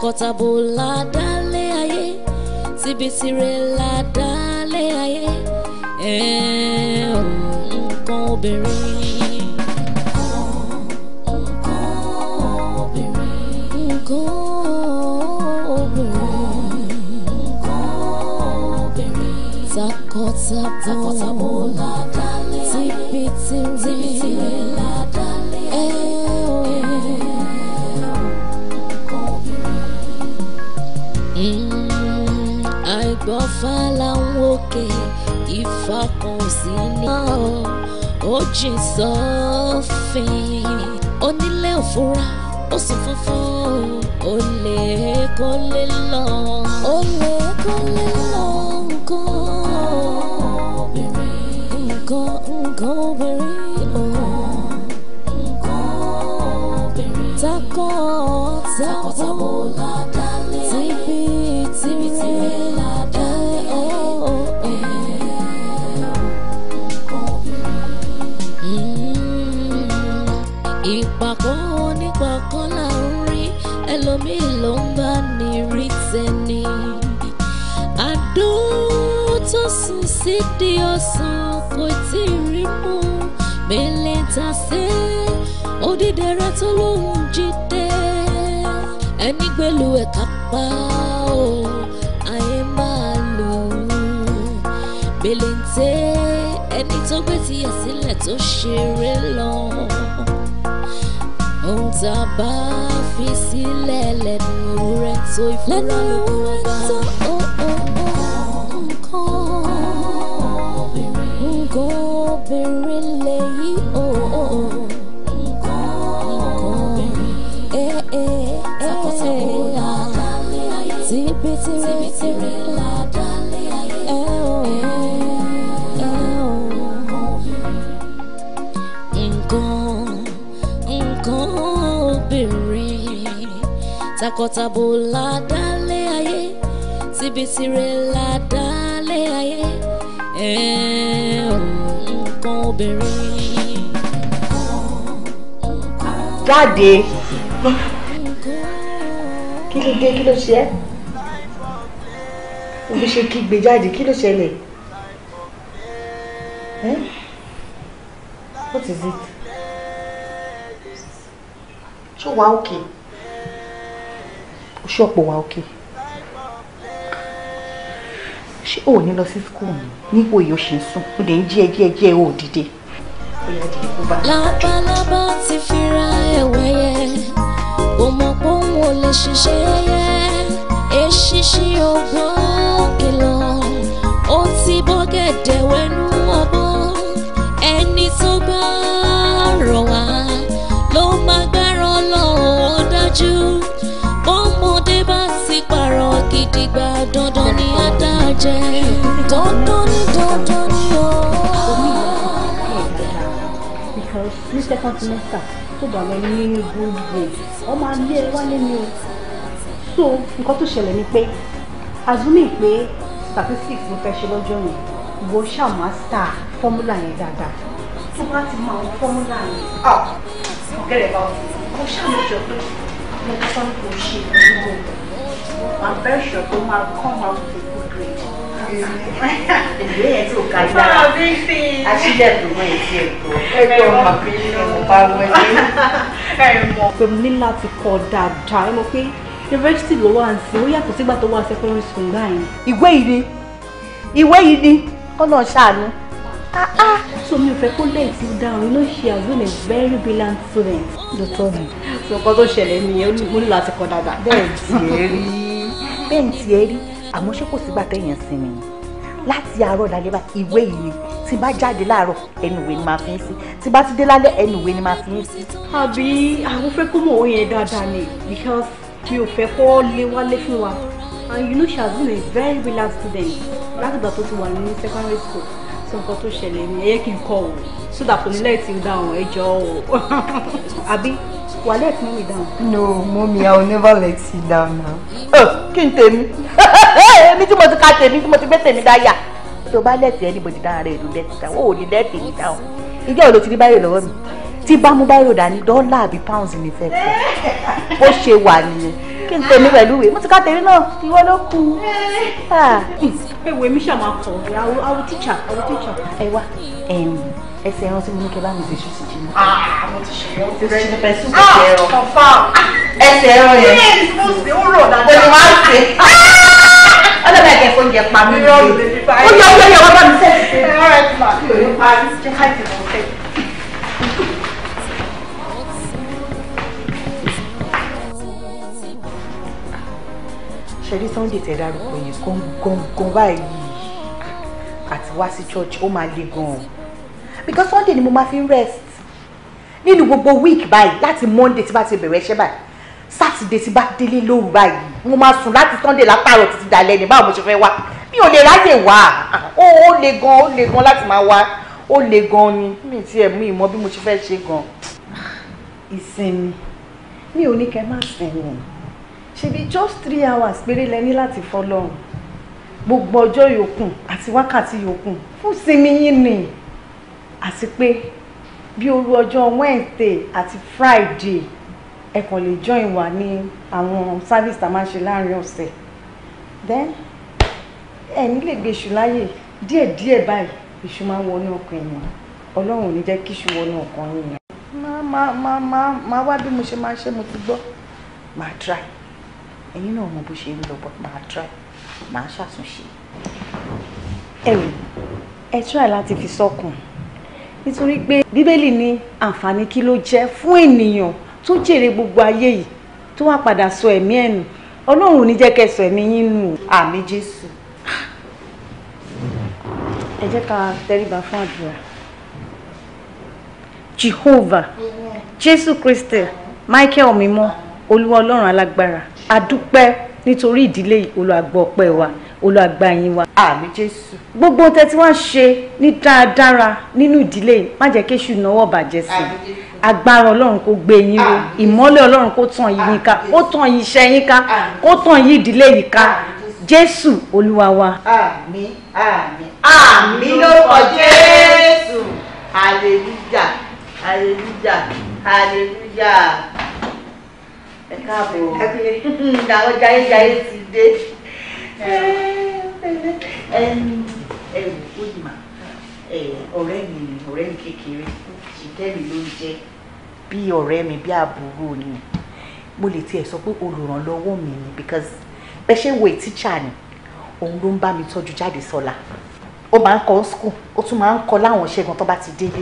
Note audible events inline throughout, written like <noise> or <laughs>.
tọkọtabo la dálé ayé tìbìtìrẹ la dálé ayé ẹ ò nǹkan obìnrin. nǹkan obìnrin. nǹkan obìnrin. nǹkan obìnrin. tọkọtabo. tọkọtabo. gbọ́ fàlàhùn òkè Ifá kan ò sí ní ọ́ ó jìn sọ́fìn onílé òfúra ó sọ funfun ó lè kó lè lọ. ó ètè odídẹrẹ tó lóhùn jíde ẹni gbèlú ẹ̀ka pa ó ayé máa lò bèlèǹté ẹni tó gbé tiẹ̀ sílẹ̀ tó ṣeré lọ ohun tá a bá fi sílẹ̀ lẹ́nu rẹ̀ tó ìfúnra lọ́wọ́ bá. takọtabo la dálé ayé tibitire la dálé eh, ayé nǹkan obìnrin. jáde kí ló dé kí ló ṣe ẹ́ o fi ṣe kígbe jáde kí ló ṣẹlẹ̀ eh? what is it ṣé wàá Okay? ṣọ́ọ̀pù wa òkè ṣé ò ní lọ sí skul mi nípò yìí ó ṣe ń sùn ó lè ń jí ẹ jí ẹ jí ẹ ò dìde. labalábá ti fira ẹ̀wẹ̀ yẹ kò mọ̀ pé òun ò lè ṣiṣẹ́ yẹ èṣìṣì ọgbọ́n kìlọ̀ ó ti bọ́gẹ̀dẹ̀ wẹnu ọgbọ́n ẹni tó bá rọ̀ wá ló máa gbẹ́rọ̀ lọ́wọ́ dájú dàgbà dandan ni á dájẹ dandan ni dandan ni ó. ní second semester tó bá lọ ní good grade ọmọ alẹ́ ẹ wálé ni o so nǹkan tó ṣẹlẹ̀ ni pé azumi pé statistics mo fẹ́ ṣe lọ́jọ́ yẹn wo ṣàmà star formula yẹn dáadáa tó bá ti mọ àwọn formula yẹn ọ̀gẹ́rẹ̀ bá wọn kó ṣàmùjọ pé mo kọ́ ń kò ṣe ìdúró. I'm very sure they will come out with a good grade. Ìgbé yẹn tí ò ká yá. Fáwọn bí ń fi. Aṣílẹ̀kùn mọ́ èsì ẹ̀kọ́. Ẹ̀kọ́ ọmọ bí ẹ̀mọ̀ bá wọlé. <laughs> Ẹ̀mọ̀. Pẹ̀lú nílá ti kọ dáadáa, ẹ mọ̀ pé university ló wà sí ó yàtọ̀ sígbà tó wà secondary school gbà yẹn. Ìwé yìí ni ìwé yìí ni kọ́nà ṣàánú. Ah, ah. So mi ò fẹ́ kó lẹ́yìn tí ó dáhùn iná ṣe àgbélé very brilliant student. Dọ́tọ́ mi. Sọ̀kan tó ṣẹlẹ̀ nìyẹn mo ní láti kọ dáadáa. Bẹ́ẹ̀ ti rí bẹ́ẹ̀ ẹ rí àmọ́ ṣé kò sígbà tẹ̀yàn sinmi láti àárọ̀ lálẹ́ bá ìwé yìí tí bá jáde láàárọ̀ ẹnu ìwé ni máa fi ń sí tí bá ti dé lálẹ́ ẹnu ìwé ni máa fi ń sí. àbí àwọn fẹ́ kó mọ̀ ọ́ yẹn dáadáa ni because mi ò fẹ́ kó lé wálé fún wa and you know she has been a very relaxed student láti ìgbà tó ti wà ní secondary school sọ nǹkan tó ṣẹlẹ̀ ni ẹ̀yẹ́ kì í kọ́ o so that kò ní lẹ́yìn tí ń dáhùn ẹjọ́ o <laughs> àbí wà lẹ́ẹ̀kí mọ́mí dáhùn. no mommy i will never let you down now. <laughs> kí n tèmi <laughs> èmi tí mo ti ka tèmi tí mo ti gbé tèmi dáyà tí o bá lẹ́tì anybody dáhùn rẹ̀ ló lẹ́tì dáhùn ó ní lẹ́tì mi dáhùn ìjọ ò ló ti rí báyìí lọ́wọ́ mi tí bá mú báyìí ròdà ní dọ́là àbí pounds ní fẹ́ fẹ́ bó ṣe wà nìyẹn kí n tèmi pẹ̀lú ìwé mo ti ka tèmi náà ìwọ ló kù. ìwé ah. mi ṣàmà kọ̀ ọ̀rẹ́ àwọn tíṣà àwọn tíṣà. ẹ wá ẹ̀yìn ẹsẹ̀ ẹran tí mo ní kẹ́ bá mi fi ṣùtì jí mi. mo ti ṣe ẹran tí mo fẹ́ sùn kò ṣe ẹran. ẹsẹ̀ ẹran yẹn. ṣé èyí mo sì ń rò dáadáa. mo ti wá ṣe. ọlọ́dọ̀ bá ẹ̀kẹ́ fóúnjẹ pa mí lóye. ó yọ ọjọ́ yẹn wọ́n bá mi sẹ́ẹ̀sì pé. ẹ ọ̀rẹ́ ti máa fi òye pa báyìí àti wá sí church ó máa le gan-an because sunday ni mo máa fi rest nínú gbogbo week báyìí láti monday tí bá ti bẹ̀rẹ̀ iṣẹ́ báyìí sátidé tí bá délé lóru báyìí mo máa sùn láti sunday látàárọ̀ títí dalẹ́ ni báwo mo ṣe fẹ́ wá mi ò lè ráyè wá ó ó le gan ó le gan láti máa wá ó le gan ni mi ti ẹ̀ mú ìmọ̀ bí mo ṣe fẹ́ ṣe gan. ìsinmi mi ò ní kẹ́ má sinmi ṣebí just three hours péré lẹ ní láti fọlọ́run gbogbo ọjọ́ yòókù àti wákàtí yòókù fún sinmi yín ni àti pé bí òru ọjọ́ Wednesday àti Friday ẹ kàn lè join wa ní àwọn service tá a máa ń ṣe láàrin ọ̀sẹ̀ then ẹ nílè gbèsù láyè díẹ̀díẹ̀ báyìí èṣù máa ń wọnú ọkàn èèyàn ọlọ́run ò ní jẹ́ kí èṣù wọnú ọkàn èèyàn. má má má má wá bí mo ṣe máa ṣe mo ti gbọ́ máa try ẹ̀yin náà mọ bó ṣe ń lọ bọ́ máa try máa ṣàtúnṣe. ẹ wò ẹ try láti fi sọ́kàn. So nítorí pé bíbélì ní àǹfààní kí ló jẹ́ fún ènìyàn tó jèrè gbogbo ayé yìí tó wá padà sọ ẹ̀mí ẹ̀ nù ọlọ́run ò ní jẹ́ kẹ́ sọ ẹ̀mí yín nù. àmì jésù. ẹ jẹ́ ká tẹríba fún àdúrà. jehovah jésù kristi michael mímọ́ olúwa ọlọ́run alágbára a dúpẹ́ nítorí ìdílé olùgbàgbọ́ ọpẹ́ wa. Mm -hmm olú àgbà yín wa. àmì jésù. gbogbo ohun tẹ tí wọ́n ṣe ní dáradára nínú ìdílé má jẹ́ kí èṣù náwó bàjẹ́ sí i agbára ọlọ́run kó gbé yín ró ìmọ́lẹ̀ ọlọ́run kó tàn yín ká kó tàn yín iṣẹ́ yín ká kó tàn yín ìdílé yín ká jésù olúwa wa. àmì àmì àmì ló kọ jésù hallelujah hallelujah hallelujah ẹ káàbọ̀ ẹ kúlẹ̀ <laughs> dáwọ́ jayéjayé ti dé ẹ̀wù oyinma eh, ọ̀rẹ́ mi ni ọ̀rẹ́ mi kékeré ṣìtẹ́mi ló ń jẹ́ bí ọ̀rẹ́ mi bí àbúrò ni mo lè tiẹ̀ sọ pé olùrànlọ́wọ́ mi ni because bẹ́ẹ̀ ṣe ń wo ìtíjà ni òun ló ń bá mi tọ́jú jáde sọ́la ó máa ń kọ́ school ó tún máa ń kọ́ láwọn ṣẹ́gun tó bá ti délé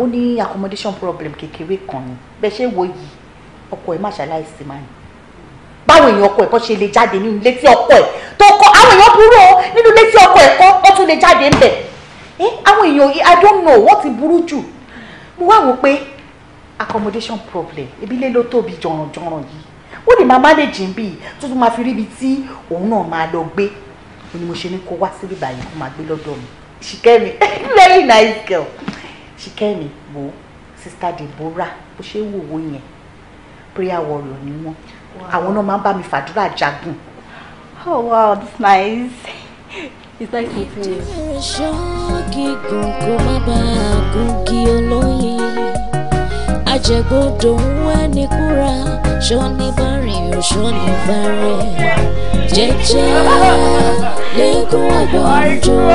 ó ní accommodation problem kékeré kan ni bẹ́ẹ̀ ṣe ń wo yìí ọkọ ẹ̀ má ṣàláìsí máa ní báwo èèyàn ọkọ ẹ̀ ṣe lè jáde nínú ilé tí ọkọ ẹ̀ tó kọ́ àwọn èèyàn burú o nínú ilé tí ọkọ ẹ̀ ó tún lè jáde ń bẹ̀ ẹ́ àwọn èèyàn i don't know wọ́n ti burú jù mo wá wò pé accommodation problem ebi lé ló tóbi jọ̀rànjọ̀ràn yìí ó lè máa manage bí tó tún máa fi ríbi tí òun náà máa lọ gbé ni mo ṣe ní kó wá síbí báyìí kó máa gbé lọ́dọ̀ mi ṣìkẹ́mi <laughs> very nice girl ṣìkẹ́mi wo sista Deborah bó ṣe wò wó yẹn prayer warrior ni wọ́n àwọn náà máa ń bá mi fàdúrà jagun. oh wow that's nice <laughs> it's nice meeting you. ṣọ́ gígùn má bàa gògì olóyin ajẹ́gbọ́dọ̀ ń wá ní kúra ṣọ́ ní bárìn ọ̀ṣọ́ ní bárẹ̀ jẹ́jẹ́ lẹ́gùn àgbọ̀njọ́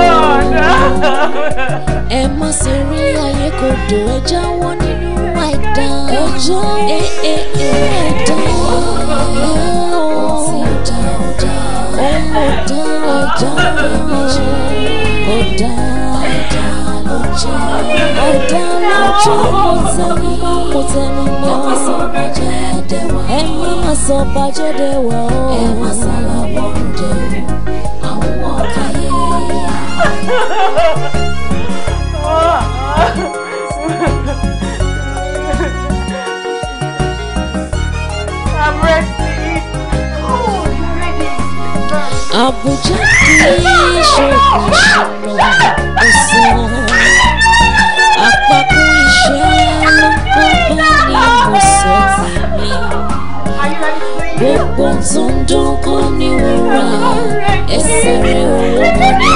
<laughs> ẹ má ṣe rí ayé kò dùn ẹ jáwọ́ ní down. Ẹjọ́ ẹ̀ẹ́dá ó ti down. Ọmọ down ẹ̀dá ẹ̀jẹ̀ ọ̀dá ẹ̀dá lọ́jọ́ ọ̀dá lọ́jọ́ mọ̀tẹ́mi mọ̀tẹ́mi náà sọ bàjẹ́ dẹwà. Ẹ má má sọ bàjẹ́ dẹwà o. Abuja kì í ṣe ìrànlọ́ ẹ̀sán. Àpapọ̀ iṣẹ́ ló kọ́ bá ní ọ̀sẹ̀ tèmi. Gbogbo tó ń dún kọ́ ní wúrà ẹsẹ̀ rẹ̀ òun ni.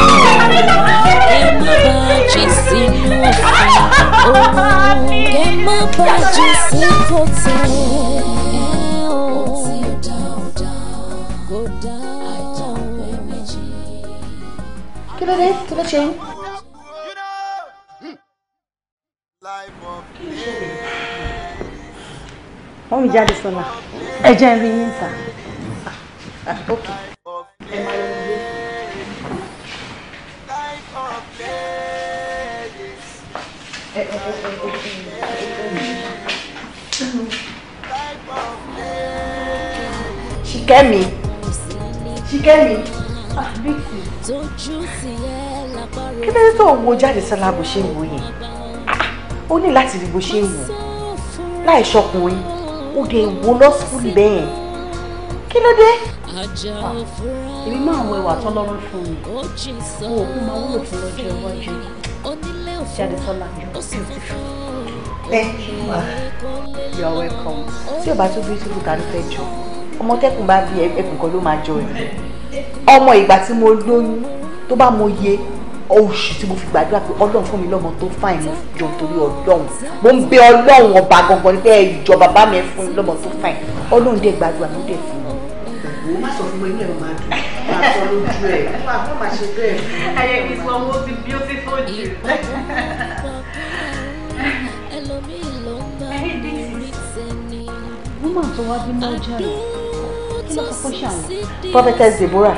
Ẹ má bàjẹ́ sínú ọ̀fẹ́ òun. Ẹ má bàjẹ́ sí kòtò. bó ṣe ń. wọ́n mi jáde sọ́la ẹ jẹ́ rí yín ta. Ṣìkẹ́mi. Ṣìkẹ́mi. kí lóde tó wo jáde sọ́lá bó ṣe ń wo yẹn ó ní láti rí bó ṣe ń wò láì ṣọkùnrin ó dé wo lọ skúlù bẹ́ẹ̀ kí ló dé. èmi máa wọ ẹwà tán lọ́rùn fún mi mo ò kún máa wúlò fún lọ́jọ́ iwájú jáde sọ́lá Thank you, ma. welcome. Tí o bá tún bí túbú ta ló fẹ́ jọ, ọmọ tẹ́kùn bá bí ẹkùn kan ló máa jọ ẹ̀. Ọmọ ìgbà tí mo lóyún tó bá mo yẹ oṣù tí mo fi gbàdúrà pé ọlọ́run fún mi lọ́mọ tó fáìn mo jọ torí ọlọ́run mo ń bẹ ọlọ́run ọba gangan nípa ìjọ bàbá mi fún mi lọ́mọ tó fáìn ọlọ́run dẹ̀ gbàdúrà ló dẹ̀ fún mi. òwò má sọ fún mi inú ẹ̀ máa dùn máa sọ lójú ẹ̀ máa fọ́ máa ṣe bẹ́ẹ̀. ayé mi sọ mo ti bí ó ti fọ́ jù. woman tó wá bí mọ́jà rẹ̀ kí ló kọ́kọ́ ṣàwọn. prophetess Deborah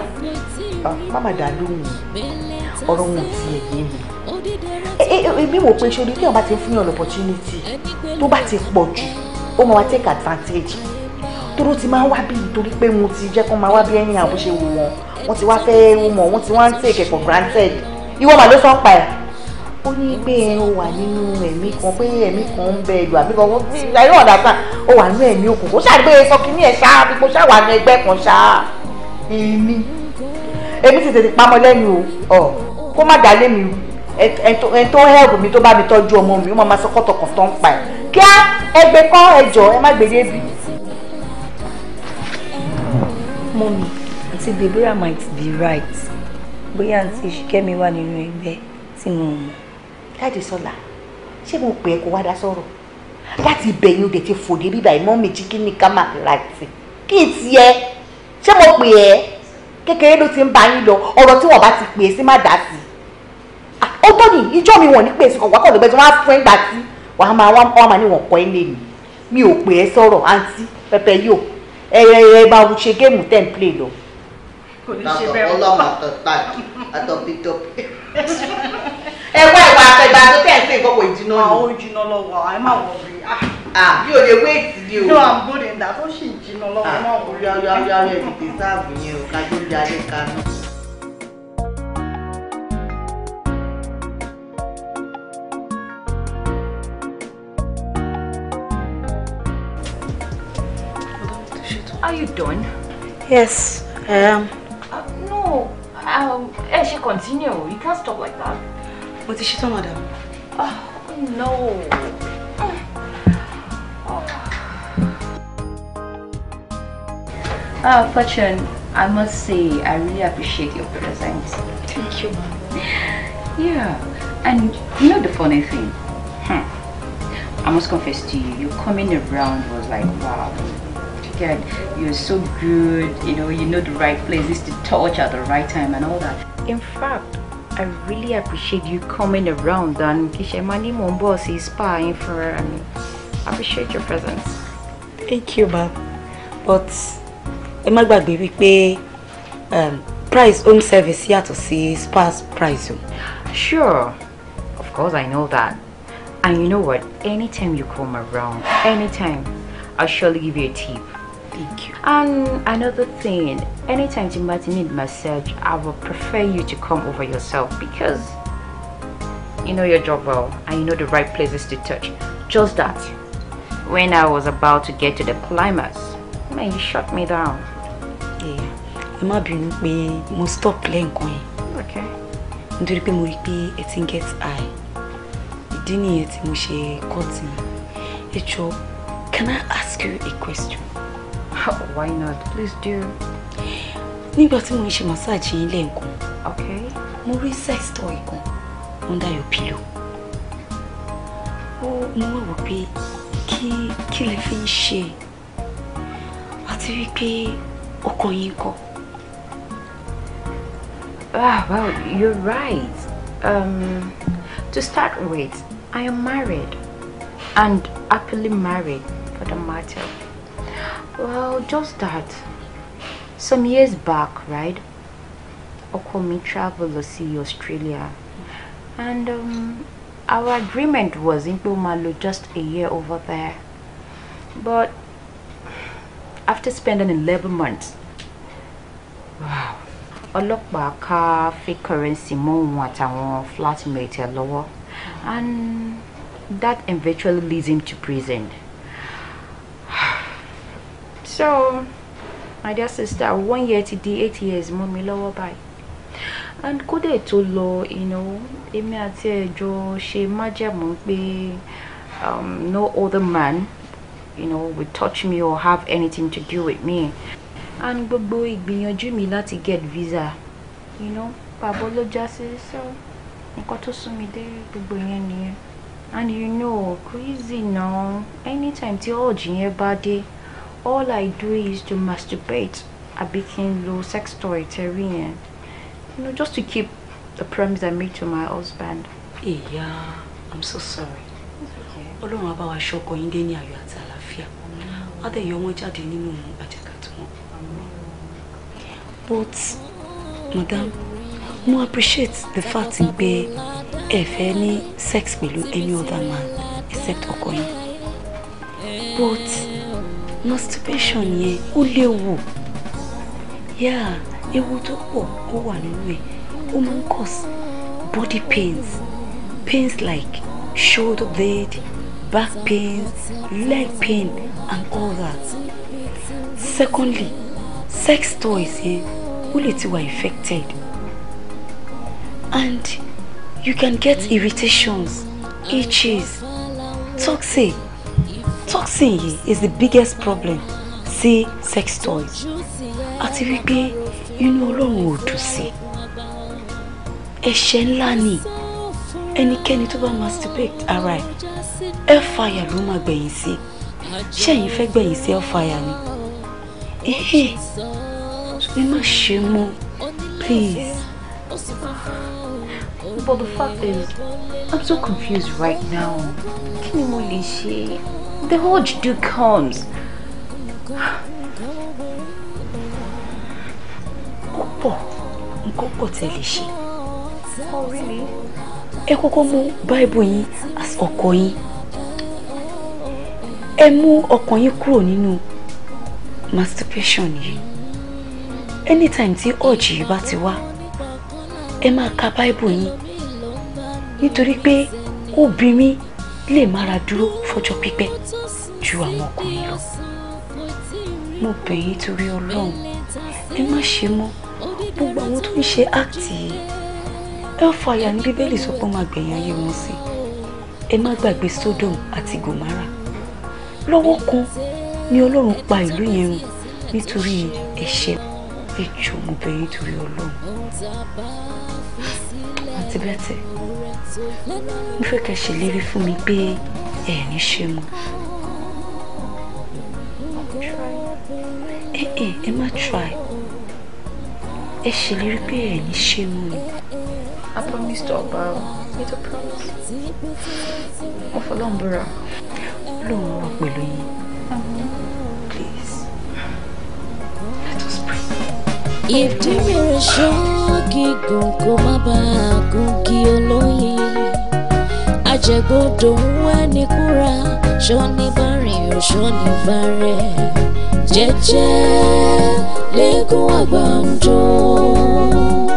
ah, má má dá ọ̀rọ̀ wọn ti yẹ mi èmi wò pé ṣorí tí wọn bá ti fún yàn opportunity tó bá ti pọ̀ jù ó máa take advantage tóró ti máa wá bí nítorí pé mo ti jẹ́ kó máa wá bí ẹ̀yìn àbúṣe wò wọ́n wọ́n ti wá fẹ́ mọ̀ wọ́n ti wá ń take for granted ìwọ màá ló sọ pa ẹ̀ ó ní pé ó wà nínú ẹ̀mí kan pé ẹ̀mí kan ń bẹ ìlú àbí kan I don't understand ó wà nínú ẹ̀mí òkùnkùn ó ṣàdúgbò sọ kí ní ẹ̀ ṣáá bí mo wà ní ẹgbẹ́ kan ṣáá èmi èmi ti tètè pamọ́ lẹ́nu o kó má dálé mi ẹni tó help mi tó bá mi tọ́jú ọmọ mi ó máa sọ kọ́tọ̀kọ̀ tó ń pa ẹ̀ kíá ẹgbẹ́ kọ́ ẹjọ́ ẹ má gbèdé bì. mọ́mi àti Deborah might be right bóyá àǹtí Ṣìkẹ́mi wà nínú ẹgbẹ́ tí mo mọ̀. káàdì sọlá ṣé mo pè é kó wá dá sọ̀rọ̀ láti ibẹ̀ yín o dẹ̀ ti fòde bíbá ìmọ̀ méjì kí ni ká máa ra ti kí n ti ẹ ṣé mo pè é kékeré ló ti ń bá yín lọ ọ̀rọ̀ tí wọ́n bá ti pè é sí má dá sí ó tó ní ìjọ mi wọ̀n ní pèsè kọ̀wá kọ̀ lọ́gbẹ́ tí wọ́n á fún ẹgbàá tí wọ́n máa wọ́n máa ní wọ́n kọ́ ẹ́ lé mi ò pè é sọ̀rọ̀ àǹtí pẹpẹ yóò ẹ ẹ ẹ bá ń ṣe géèmù tẹ̀ lọ. kò ní àtẹ̀gbà tó tẹ̀ ń sè ìjìnà yìí. àwọn ìjìnà lọ́wọ́ ẹ má wọ̀ rí. Ah, ah, mi ò lè wéètì ni o. no i'm good in that ó jìnà lọ́wọ́ ẹ wọ̀ rí. yọ yọ yọ yọ ìdìtì sáàbù yẹn o kájú di alẹ́ kaná. Are you done? Yes, I am. Uh, no, um, I eh, continue. You can't stop like that. What is she talking madam? Oh, ah, no. Ah, oh, Fortune, I must say, I really appreciate your presence. Thank you, ma'am. Yeah, and you know the funny thing? Hmm. I must confess to you, your coming around was like, wow, and you're so good, you know, you know the right places to touch at the right time and all that. In fact, I really appreciate you coming around and Kishemani Mombos is spying for I mean, appreciate your presence. Thank you, Bob. But ẹ má be wípé um, price own service to see spas price o. Sure, of course I know that. And you know what? Anytime you come around, anytime, I'll surely give you a tip. Thank you. And another thing, anytime you're might need massage, I would prefer you to come over yourself because you know your job well and you know the right places to touch. Just that, when I was about to get to the climax, man, you shut me down. Yeah. Ẹ must bínú pé stop playing, Okay. Nítorí pé mo rí pé I. ti ń get high. can I ask you a question? Why not? Please do. Nígbà tí mo ń ṣe massage yín lẹ́ẹ̀kan. Okay. Mo rí sex toy kan under your pillow. Ó mo wá wò pé kí kí lè fi ń ṣe àti wípé ọkàn yín kọ. Ah, well, you're right. Um, to start with, I am married and happily married for the matter. Well, just that. Some years back, right? Okomi traveled to see Australia. And um, our agreement was in Bumalu just a year over there. But after spending 11 months, wow, back, ká fake currency what I want, flatmate ẹ̀ lọ́wọ́ and that eventually leads him to prison. so my dear sister one year ti di eight years mọ́ mi lọ́wọ́ báyìí and kó dẹ̀ tó lọ èmi àti ẹ̀jọ́ ṣe májẹ̀mú pé um, no other man you know, would touch me or have anything to do with me and gbogbo ìgbìyànjú mi láti get visa you know pàbó ló já sí so nǹkan tó sún mi dé gbogbo yẹn nìyẹn and you know crazy now anytime tí ọ̀jì yẹn bá dé all I do is to masturbate àbí became n lo sex toy tẹ̀rí yẹn you know just to keep the promise I made to my husband. Yeah, I'm so sorry ọlọ́run á bá wa ṣọkọ yín dé ní ayọ̀ àti àlàáfíà wọ́n á dẹ̀ yọ wọ́n jáde nínú to wọn. but madam mo appreciate the fact pé ẹ fẹ́ ní sex pẹ̀lú any other man except ọkọ yín but masturbation yẹn ó léwu yeah ewu tó pọ̀ ó wà nínú ẹ̀ ó máa ń cause body pains pains like shoulder blade back pains leg pain and all that secondly sex toys yẹn ó lè ti wà infected and you can get irritations itches toxic toxin yìí is the biggest problem sí sex toys àti wípé inú ọlọ́run ò dùn sí ẹ̀ṣẹ̀ ńlá ni ẹnikẹ́ni tó bá masturbate ara ẹ̀ hellfire ló máa gbẹ̀yìn sí ṣẹ́yìn fẹ́ gbẹ̀yìn sí hellfire ni ẹ̀hẹ́ ẹ má ṣe mọ́ please. Ah. But the fact is, I'm so confused right now. Kí ni mo the urge do comes. Ó pọ̀ nǹkan pọ̀ tẹ́ lè ṣe. Oh really? Ẹ kọ́kọ́ mú Báíbù as ọkọ yín. Ẹ mú ọkàn yín kúrò masturbation yìí. Anytime tí urge yìí bá ti wá, ẹ máa ka Báíbù yín. Nítorí pé obìnrin lè mára dúró fọjọ́ pípẹ́ ju àwọn ọkùnrin lọ mo bẹ̀ yín torí ọlọ́run ẹ má ṣe mọ́ gbogbo àwọn tó ń ṣe áàtì yìí ẹ fọ àyà ní bíbélì sọ pé ó máa gbẹ̀yìn ayé wọn sí ẹ má gbàgbé Sodom àti Gomara lọ́wọ́ kan ni ọlọ́run pa ìlú yẹn run nítorí ẹ̀ṣẹ̀ ẹ jọ̀ọ́ mo bẹ̀ yín torí ọlọ́run àti bẹ́tẹ̀ mo fẹ́ kẹ́ ṣèlérí fún mi pé ẹ̀ ní ṣe mọ́ ẹ ẹ ẹ má try ẹ ṣèlérí pé ẹ̀ ní ṣe mọ́ ni. I promise to ọba o you to promise mo fọlọ́n búra Ọlọ́run wà pẹ̀lú yín. ìdí rẹ̀ ṣọ́ọ̀kì gògó má bàa gògì olóyè àjẹgbọdọ̀ ẹni kúra ṣọ́ni bá rìn ó ṣọ́ni bá rẹ̀ jẹ́jẹ́ lẹ́gùn àgbà ń dùn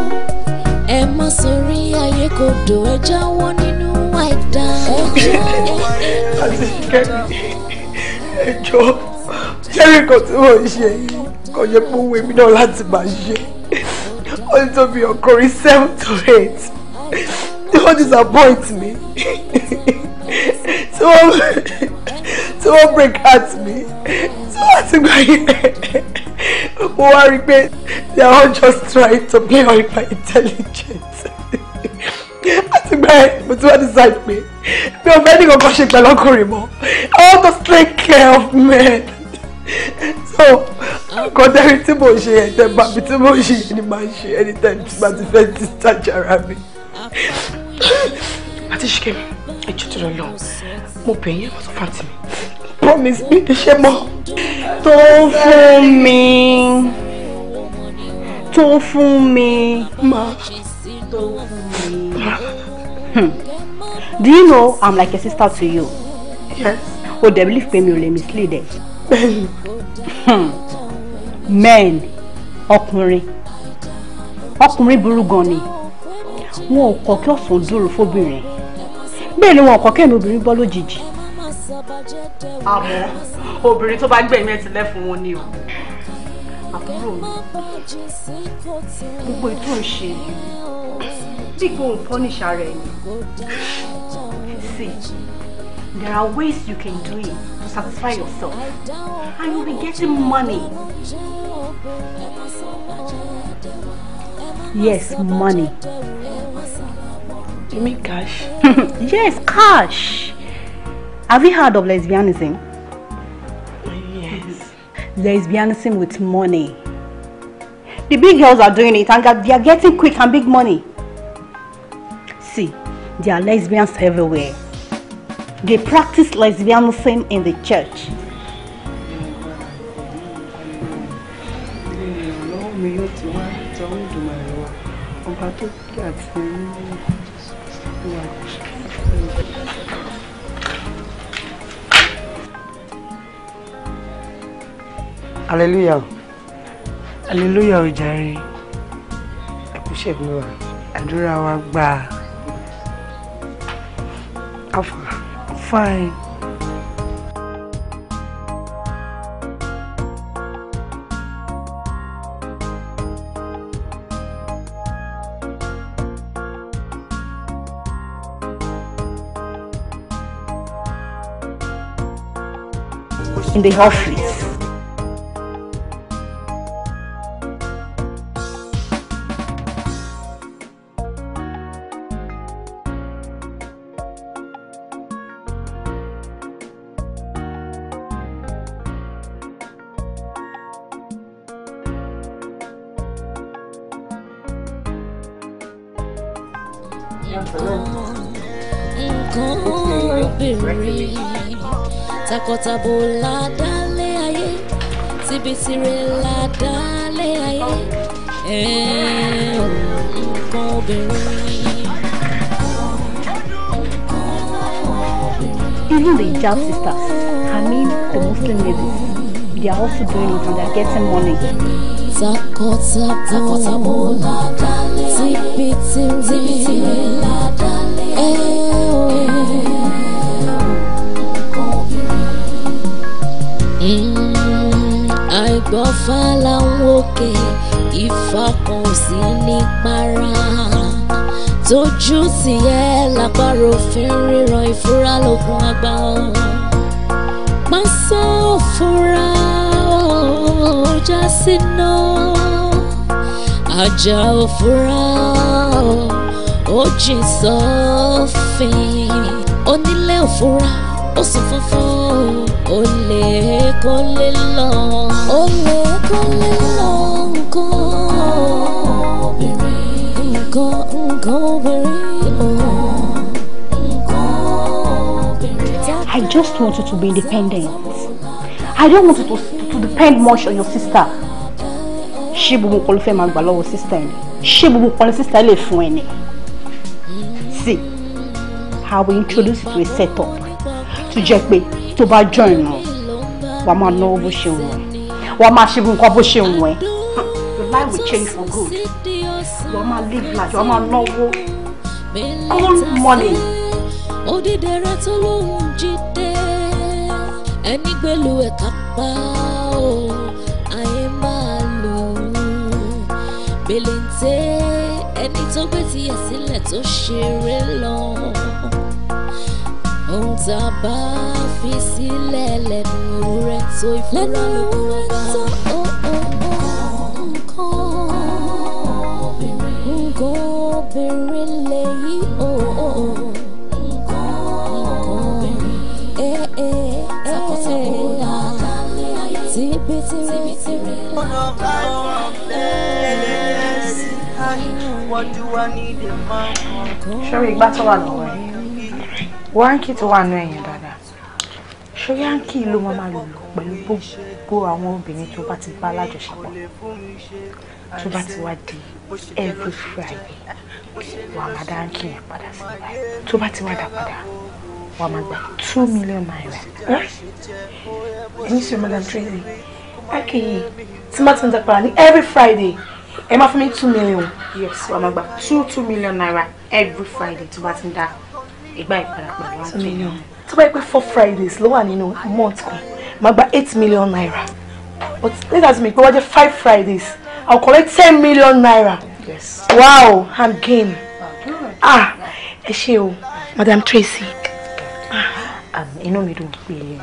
ẹ má sọrí ayé kodò ẹ jáwọ́ nínú àìdá ẹ jẹ́ ẹ ẹ ẹ jọ jẹ́rìí kan tí wọ́n ń ṣe yìí kò yẹ pé òun èmi náà láti máa ṣe ó ní tó fi ọkùnrin seven to eight Don't disappoint me. tí wọ́n tí wọ́n break heart me. tí wọ́n ti gbà yẹn mo they are all just trying to play on my intelligence I gbà yẹn but ti wá decide me? mi ò fẹ́ ní kankan ṣe pẹ̀lú ọkùnrin mọ́ I want to take care of men so kọtẹ́rì tí mo ṣe ẹ̀tẹ́ bàbí tí mo ṣe ni máa ń ṣe anytime tí bá ti fẹ́ discharge ara mi. àti ṣìkẹ́ ẹjọ́ tó lọ lọ mo bẹ̀ yín ẹ̀kọ́ tó fà tì mí promise mi iṣẹ́ mọ́ tó fún mi tó fún mi máa tó hmm. fún mi. do you know I'm like a sister to you? yes. Oh, they believe me mi ò lè mislead ẹ̀. <laughs> men ọkùnrin ọkùnrin burú gan ni wọn ò kọ kí ọ̀sán dúró fóbìnrin bẹ́ẹ̀ ni wọn ò kọ kí ẹnu obìnrin bọ́ lójijì. àmọ́ obìnrin tó bá gbẹ̀mí ẹ̀ ti lẹ́ fún wọn ni o àbúrò mi gbogbo ètò ìṣe yìí bí kò ń pọ́nìṣà rẹ̀ sí. There are ways you can do it to satisfy yourself. And you'll be getting money. Yes, money. You mean cash? <laughs> yes, cash. Have you heard of lesbianism? Yes. Lesbianism with money. The big girls are doing it and they are getting quick and big money. See, there are lesbians everywhere. They practice lesbianism in the church. Hallelujah. Hallelujah o jàre. Ẹ kú ṣẹ́gun wa. Àdúrà wa gbà. fine. In the office. they are also doing and they are getting money. àìgbọ́fà làwọn òkè Ifá sí ní làpárò fi ríran ìfúra lókun àgbà ọ̀hún pásá òfúra. já síná àjà òfurá ó jìn sọ́fìn onílé òfurá sọ fọ́fọ́ ó lè kó lè lọ. ó lè kó lè lọ nǹkan obìnrin nǹkan nǹkan obìnrin. I just wanted to be independent. I don't want to to depend much on your sister ṣé gbogbo nǹkan ló fẹ́ máa gbà lọ́wọ́ sísítà ẹ̀ ni ṣé gbogbo nǹkan ló sísítà lè fún ẹ ni see I will introduce you to a set up tó jẹ́ pé tó bá join wọn wà á máa náwó bó ṣe wù ẹ́ wà á máa ṣe nǹkan bó ṣe wù ẹ́ your life will change for good wà á máa live life wà á máa náwó cool money. odidere tó lóun jí dé ẹni gbẹlú ẹ kápá ayé máa lò gbèlèǹté ẹni tó gbé tiẹ̀ sílẹ̀ tó ṣeré lọ ohun tá a bá fi sílẹ̀ lẹ́nu rẹ̀ tó ìfúnra lókun ọba. sórí igbá tó wà lọ́wọ́ One wọ́ránkì to one, nú ẹ̀yìn dáadáa ṣóyáǹkì luma máa máa lò pẹ̀lú gbogbo àwọn obìnrin tó bá ti bá To party bá ti every Friday wà á máa dá ránkì yẹn padà sí ibà tó bá ti wá dà padà wà á gba two million naira. ẹ̀yin sọ madam Tracy ránkì yìí tí má ti ń dà padà ní every Friday ẹ máa fún two million yes I'm about two two million naira every friday to bá that. two million tó bá yẹ pé four fridays ló wà nínú month ago, máa gba eight million naira but let us make pé five fridays I'll collect ten million naira yes wow i'm game ah, ah ẹ ṣé o madam tracy ah. um, inú mi dùn already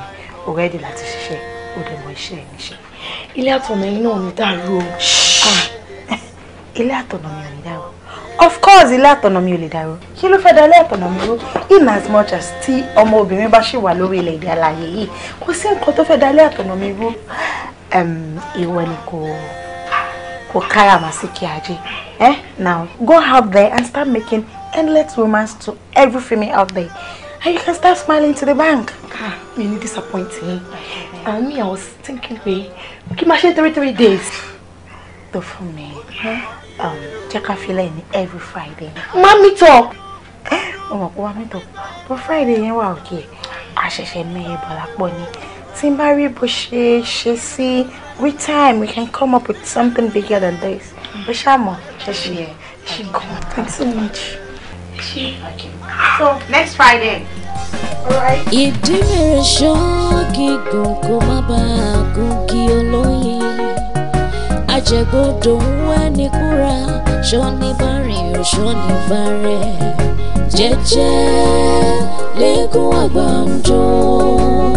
ọ̀rẹ́ èdè láti ṣiṣẹ́ the dẹ̀ mọ iṣẹ́ Ilia níṣẹ́ me, you know, náà that room. Shh. Ah ilé àtọ̀nà mi ò lè dàrú of course ilé àtọ̀nà mi ò lè dàrú kí ló fẹ́ da ilé àtọ̀nà mi rú in as much as tí ọmọ obìnrin bá ṣì wà lórí ilẹ̀ èdè alààyè yìí kò sí nǹkan tó fẹ́ da ilé àtọ̀nà mi rú ìwọ ni kò kò kára màsíkì ajé eh now go out there and start making endless romance to every female out there and you can start smiling to the bank ah mi ni disappoint yín and ah, me i was thinking pé kí n máa ṣe three three days tó fún mi. Huh? Um, jẹ́ ká fi lẹ́yìn ní every friday. má mi tọ̀. mo mọ̀ pé wá mi tọ̀ friday yẹn wà òkè àṣẹ̀ṣẹ̀ mẹ́yẹ bọ̀lá pọ̀ ni tí n bá rí bó ṣe we time we can come up with something bigger than this bó ṣàmọ̀ ṣẹ̀ṣẹ̀ yẹn ṣe gan thanks so much. Okay. So next Friday. Ìdí mèrè ṣọ́ọ́gì gùn kó má bàa gùn àjẹgbọdọ ń ni kura, ṣọ́ni bá rìn ó ṣọ́ni bá rẹ̀ jẹ́jẹ́ lẹ́gùn àgbà ń dùn.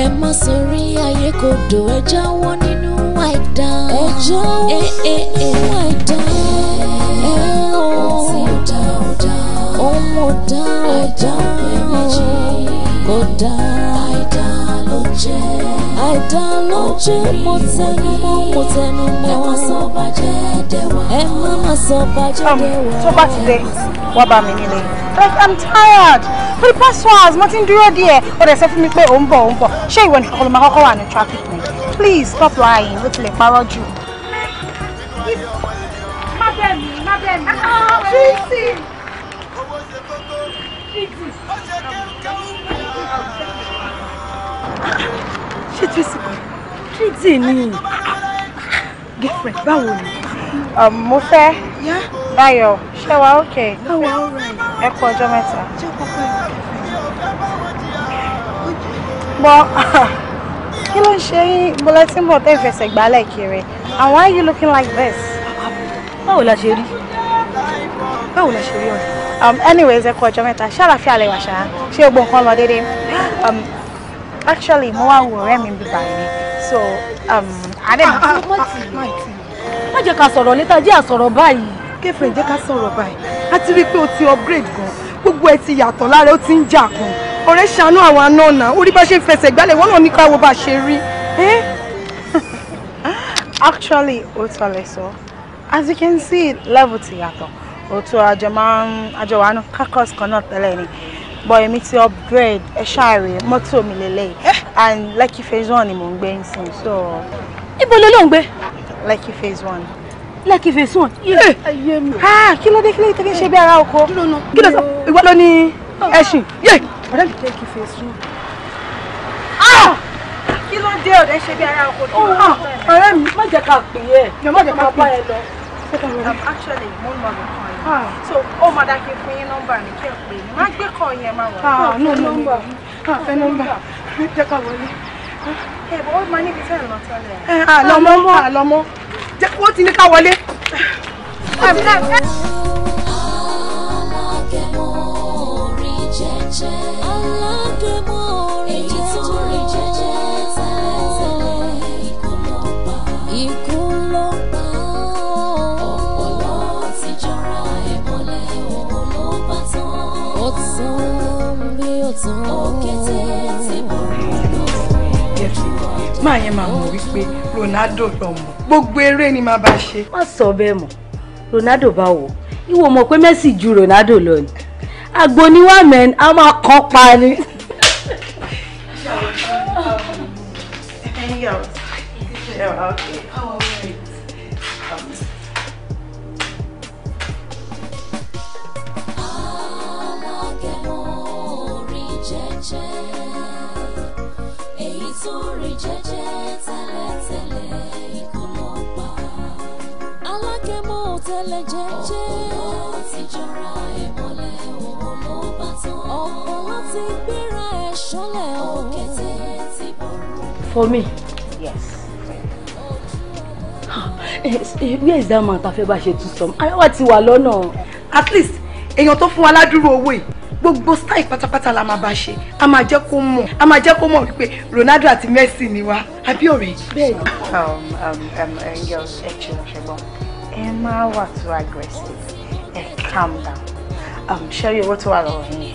ẹ má sọrí ayé kò dò ẹ jáwọ́ nínú àìdá ẹ jáwọ́ nínú àìdá ẹ ó ti ọ̀dà ọ̀dà ohun ọ̀dà ọ̀dà kò dá àìdá ló jẹ́ àìdá ló jẹ́ mo tẹnu mọ́ mo tẹnu mọ́. ẹ um, má sọ bàjẹ́ dẹ̀ wá. ẹ má má sọ bàjẹ́ dẹ̀ wá. tó bá ti dé wá bá mi nílé like i'm tired for the past two hours mo ti ń dúró díẹ̀ ó dẹ̀ sọ fún mi pé òun bọ̀ òun bọ̀ ṣé ìwọ nìkan ló máa traffic please stop lying ló tilẹ̀ parọ́ jù. má bẹ́ẹ̀ mi má bẹ́ẹ̀ mi ṣé jessica trinity ni girlfriend báwo ni. Um, mo fẹ́ Báyọ̀ ṣé wàá òkè ẹ kú ọjọ́ mẹ́ta. bọ́ <laughs> kí ló ń ṣe yín bulletin board tẹ́ ìfẹsẹ̀ gbálẹ̀ kiri and why are you looking like this. báwo la ṣe rí báwo la ṣe rí ọ̀rẹ́. Um, anyways ẹ kú ọjọ́ mẹ́ta ṣé àlàáfíà lè wà ṣá ṣé gbogbo nǹkan lọ déédéé. <gasps> Um, actually Moa will wo ọ̀rẹ́ mi bí báyìí so adé um, ah, ah, ah, má jẹ́ ká sọ̀rọ̀ níta jẹ́ àsọ̀rọ̀ báyìí. kéfìn jẹ́ ká sọ̀rọ̀ báyìí a ti rí i pé o ti upgrade gan gbogbo ẹ ti yàtọ̀ lára ó ti ń jà kan ọ̀rẹ́ ṣàánú àwọn àna ọ̀nà orí bá ṣe ń fẹsẹ̀ gbálẹ̀ wọ́n náà ní ká wo bá ṣe rí. <laughs> actually òótọ́ lẹ so. as you can see level ti yàtọ̀ òótọ́ àjọ máa ń àjọ wà nù kákọ́sì kan náà tẹ́lẹ̀ ni. Boy, èmi ti upgrade ẹ ṣáàrè mọ́tò mi lélẹ̀ and Lekki phase one ni mò ń gbé ń sìn so. ibo ló ló ń gbé. Lekki phase one. Lekki phase one. ayé Ah, kí ló dé kí ló dé kí ló ṣe bí ara oko. kí ló sọ ìwọ ló ní ẹṣin. ọ̀rẹ́ mi Lekki phase one. kí ló dé ọ̀rẹ́ ṣe bí ara oko. ọ̀rẹ́ mi má jẹ́ ká pè é má jẹ́ ká pè é lọ actually mo ń lọ nìkan yẹn ah. so ó máa dákẹ́ fún yín nọ́mbà mi kí ẹ pè mí má gbé kọ́ yẹn máa wà. Ah, no nọ́mbà ah, fẹ́ nọ́mbà jẹ́ ká wọlé. ẹ bọ́ ó máa níbi fẹ́ẹ̀ lọ tọ́lẹ̀. Eh, àlọ́mọ́ mọ́ àlọ́mọ́ wọ́n ti ní ká wọlé. alágẹ̀mọ́ orí jẹ́jẹ́ alágẹ̀mọ́ orí jẹ́jẹ́. máa yẹn máa mọ̀ wípé Ronaldo lọ́mọ gbogbo eré ni máa bá ṣe. má sọ bẹ́ẹ̀ mọ̀ Ronaldo bá wò ìwọ mọ̀ pé Messi ju Ronaldo lọ ni àgbo ni wà mẹ́rin a máa kàn pa ni. Jẹ́ èyí mọ́lẹ̀ jẹ́jẹ́. Owó jọra ẹ̀ mọ́lẹ̀ ló bá tán. Ọ̀pọ̀ láti gbéra ẹ̀ ṣọlẹ̀ o. Òkété ti bọ̀rọ̀. For me, yes. Eh, where is that man ta fẹ́ bá ṣe tún sọm? Ara wa ti wà lọ́nà. At least èèyàn tó fún wa ládùúrò owó yìí gbogbo style pátápátá la máa bá ṣe a máa jẹ́ kó mọ̀ a máa jẹ́ kó mọ̀ wípé Ronaldo àti Messi ni wa àbí ọ̀rẹ́. bẹ́ẹ̀ni. um um um girls ẹ ṣe lọ Emma, má wà too aggressive ẹ calm down um, ṣẹ́rí you tó wà lọ́wọ́ yín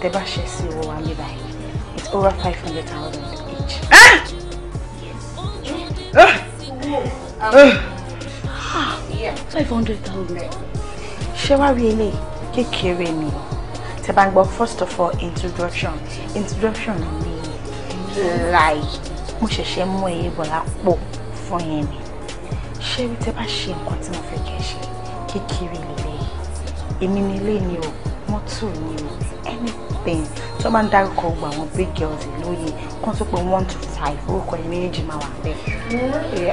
The tẹ bá ṣe sí owó wa níbà it's over five hundred thousand each. Eh? Eh? Um, eh? five hundred thousand ṣé wàá rí eléyìí kékeré ni o tẹ bá ń first of all introduction introduction Me. Like. mo ṣẹ̀ṣẹ̀ mú ẹyẹ bọ̀ lápò ṣé wí tẹ́ bá ṣe nǹkan tí mo fẹ́ kẹ́ ṣe kékeré lélẹ̀ èmi ni ilé ni o mọ́tò ni o anything tó bá ń dárúkọ gbogbo àwọn big girls lóye kó tó pé one to five orúkọ yẹn méjèèjì máa wà bẹ́ẹ̀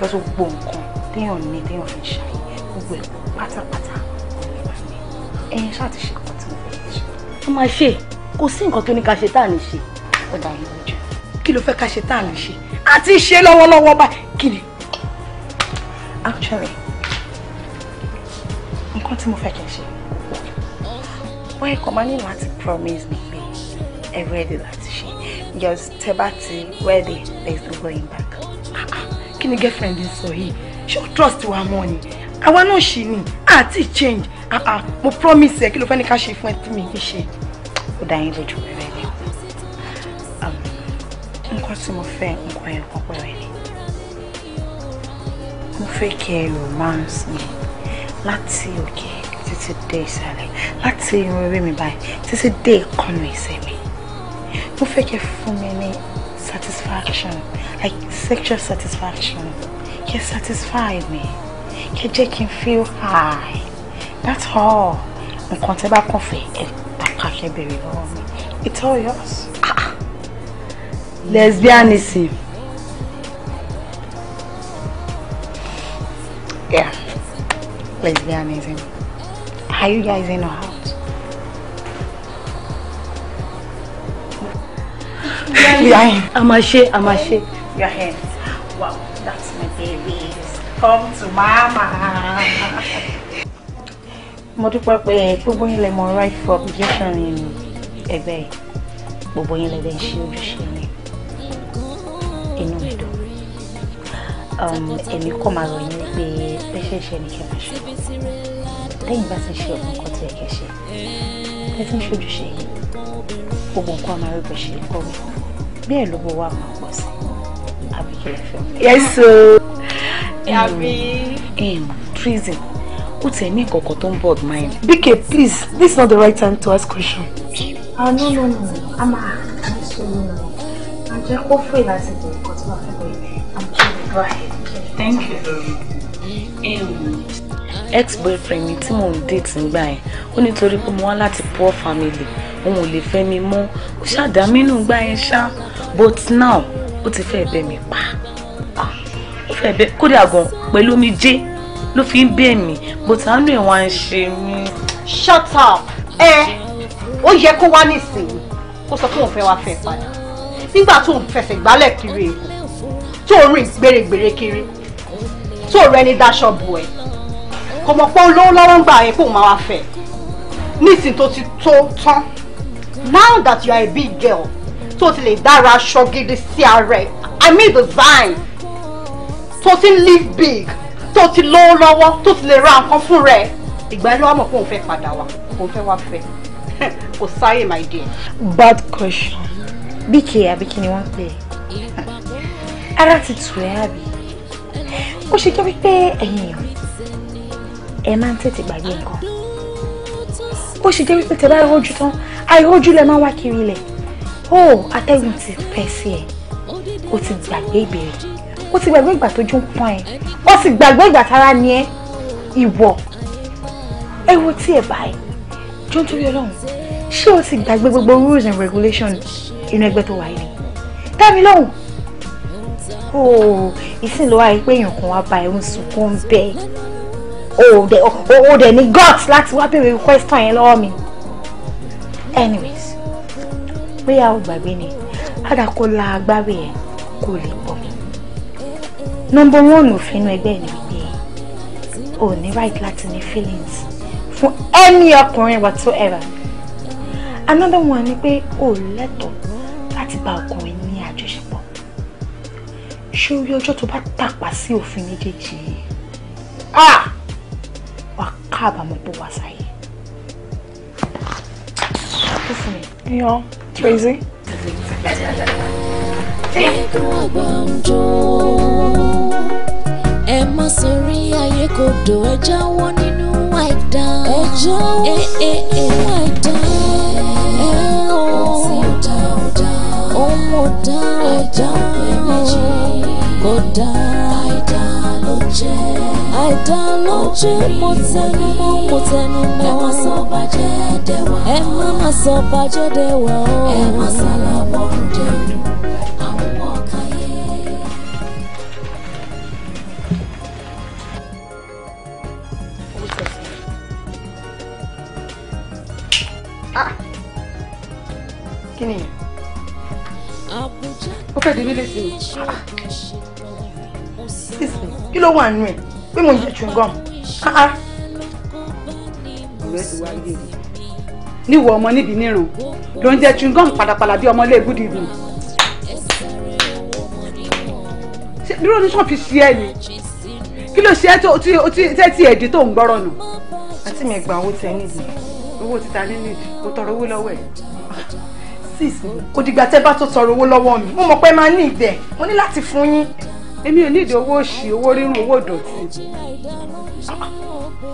lọ́sọ̀ gbogbo nǹkan téèyàn ní téèyàn fi ṣàyè gbogbo ẹ̀ pátápátá ẹ̀yin ṣáà ti ṣe nǹkan tí mo fẹ́ ṣe. ó máa ṣe kò sí nǹkan tó ní ká ṣe tá à ní ṣe. ó dá yín lójú. kí ló fẹ́ ká ṣe tá à ní ṣe àti ṣe lọ́wọ́lọ́wọ́ báyìí kí ni actually nǹkan tí mo fẹ́ kí n ṣe wọ́n ẹ̀kọ́ máa ní láti promise mi pé ẹ ready láti ṣe because tẹ bá ti ready there is no going back ah, ah, kí ni girlfriend ń sọ yìí ṣé o trust wa mọ́ ni àwa náà ṣì ni àti change ah, mo promise ẹ kí ló fẹ́ ní ká ṣe fún ẹ tí mi kì í ṣe ó dá yín lójú rẹ ni um, nǹkan tí mo fẹ́ nǹkan ẹ̀kọ́ pẹ̀lú ẹni mo fẹ́ kí ẹ romance mi láti òkè títí dé ìsàlẹ̀ láti irun orí mi báyìí títí dé ìkọnù ẹsẹ̀ mi mo fẹ́ kí ẹ fún mi ní satisfaction like sexual satisfaction kí satisfy mi kí ẹ jẹ́ kí n feel high that's all nǹkan tẹ́ bá kàn fẹ́ ẹ pàpà kẹ́ bèrè lọ́wọ́ mi it's all yours. Ah, ah. lesbianism. Yeah. Lesbianism. Are eh? you guys in or out? We are in. Amashe, Amashe. You Your hands. Wow, that's my babies. Come to mama. Mo dúpẹ́ pé gbogbo yín lè right for obligation in ẹgbẹ́ yìí. Gbogbo yín lè dẹ̀ ṣe ojúṣe ni. Inú mi èmi kọ́ máa rọ̀ yín pé pẹ́ṣẹ̀ṣẹ̀ ni kẹ́ máa ṣe lẹ́yìn bá ti ṣe ọ̀nà kan tí ẹ kẹ́ ṣe ẹ ti ń ṣojúṣe yìí gbogbo nǹkan máa rí ṣe kọ́ mi bí ló bó wà máa pọ̀ sí àbí kí lè fẹ́ treason ó tẹ̀ ní ìkọ̀kọ̀ tó ń board mind. bk please this is not the right time to ask question. ah no no no a máa ń sọ yín náà a jẹ́ kó fún ìlàsìkò ìkọ̀tún àfẹ́fẹ́ àbúrò ìbáyé thank you. ex-boyfriend mi tí mò ń date nígbà yẹn ó nítorí pé mo wá láti poor family òun ò lè fẹ́ mi mọ́ ó ṣàdá mi nù gbà yẹn ṣá but now ó ti fẹ́ bẹ́ mi pa ah, ó fẹ́ bẹ́ kódà gan pẹ̀lú omi jẹ́ ló fi ń bẹ́ mi but àánú ẹ̀ wá ń ṣe mí. shut up ẹ ó yẹ kó wá nísìnyí kó sọ pé òun fẹ́ wá fẹ́ padà nígbà tó ń fẹsẹ̀ gbálẹ̀ kiri èkó tó ń rìn gbèrègbèrè kiri tó rẹ ní daṣọ bù ẹ kò mọ̀ pé olówó lọ́wọ́ ń gbà yẹn kó máa wá fẹ́ nísìnyí tó ti tó tán now that you are a big girl tó ti lè dára aṣọ gidi sí ara i mean design tó ti live big tó ti lówó lọ́wọ́ tó ti lè ra nǹkan fún rẹ ìgbà ẹ lọ́wọ́ mọ̀ pé òun fẹ́ padà wá òun fẹ́ wá fẹ́ <laughs> kò sáyè my dear. bad question bíkè àbíkè ni wọ́n ń pè é ara ti tù ẹ́ àbí ó ṣe jẹ́ wípé ẹ̀yin èèyàn ẹ máa ń tètè gbàgbé nǹkan ó ṣe jẹ́ wípé tẹ bá rójú tán àìrójú lẹ máa ń wá kiri ilẹ̀ ó atẹ́gùn ti fẹ́ sí ẹ ó ti gbàgbé ìbéèrè ó ti gbàgbé ìgbà tójú ń pọ́n ẹ ó ti gbàgbé ìgbà tára ni ẹ ìwọ ẹ wo tí ẹ báyìí jọ ń torí ọlọ́run ṣé o ti gbàgbé gbogbo rules and regulations inú ẹgbẹ́ tó wà yìí dá mi oh ìsìn ló wá rí pé èèyàn kan wá bá ẹ̀hún sunkún ń bẹ́ o dẹ̀ ní guts láti wá béèrè question yẹn lọ́wọ́ mi anyways bóyá o gbàgbé ni àdàkọ la agbárí ẹ kó lè pọ̀ mi nọmba one òfin inú ẹgbẹ́ ni wípé o ní right láti ní feelings fún any ọkùnrin whatsoever another one ni pé o lẹ́tọ̀ọ́ láti bá ọkùnrin ṣé orí ọjọ́ tó bá tàpá sí òfin méjèèjì yìí wà káàbàámọ̀ bó wà sáyé. kú fún mi. yan crazy. ẹ má sọrí ayé kò dò ẹ jáwọ́ nínú àìdá ẹ jáwọ́ nínú àìdá. Ohun ah, ọ̀dá ọ̀dá kò dá. Àìdá ló jẹ́. Àìdá ló jẹ́ mo tẹnu mọ́ mo tẹnu mọ́. Ẹ má sọ bàjẹ́ dẹwà. Ẹ má má sọ bàjẹ́ dẹwà o. Ẹ má sálà dẹnu. Kí ni? fẹ́ débi lè sinmi sísìn kí ló wà nínú ẹ̀ pé mo ń jẹ chewing gum káá ah, ah. ọ̀rẹ́ ti wá ilé rẹ̀ níwọ ọmọ níbi nírun ló ń jẹ chewing gum pàlàpàlà bí ọmọ ilé ìbúdí ibù dúró ní sọ́ọ̀fì sí ẹ ni kí ló ṣe ẹ tí ẹ̀dí tó ń gbọ́rọ̀ nù. àti mi owó tẹ níbi owó títa nínú ìdí kò tọrọ owó lọ́wọ́ ẹ̀ sis kò dìgbà tẹ́ bá tó tọrọ owó lọ́wọ́ mi mo mọ̀ pé máa ní ìdẹ̀ mo ní láti fún yín. èmi ò nídìí owó òṣì owó rírun owó ìdọ̀tí.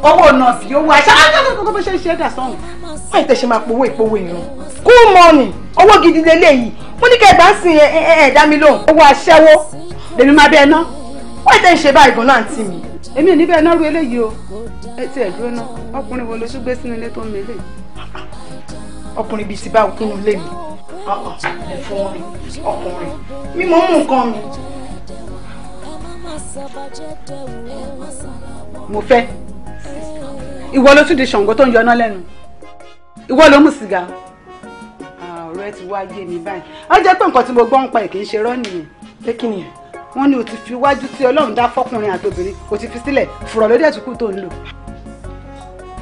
owó nọ́ọ̀sì owó aṣá kókó bó ṣe ń ṣe é dà sọ́hùn. wọ́n ìtẹ̀ṣe máa powó ìpowó ìran cool money owó gidi lélẹ́yìí mo ní kẹ́ ẹ̀ bá ń sin ẹ̀ẹ́dá mi lóhùn owó aṣẹ́wó lèmi máa bẹ́ẹ̀ ná wọ́n ìtẹ̀ ń ṣe báyìí gan náà àǹtí mi èmi ò ní bẹ́ẹ̀ náà ru eléyìí o ẹ ti ẹ̀ dúró ná ọkùnrin wo ló ṣúgbé sínú ilé tó ń melé ọkùnrin bíi ti báwo kínú ilé mi ẹ̀fọn ah, rẹ̀ ah, ọkùnrin mímọ mú nǹkan mi. mo fẹ́ ìwọ ló tún di ṣàǹgó tó ń yọ iná lẹ́nu ìwọ ló mú sìgá ah, ọ̀rọ̀ ẹ ti wá yé mi báyìí á jẹ́ pé nǹkan tí mo gbọ́ ń pa ẹ̀ kì í ṣe rọ́ọ̀nì yẹn pé kí ni wọ́n ní o ti fi iwájú tí ọlọ́run dá fọkùnrin àtobìnrin o ti fi sílẹ̀ fùrọ̀ lórí ẹ̀túkú tó ń lò.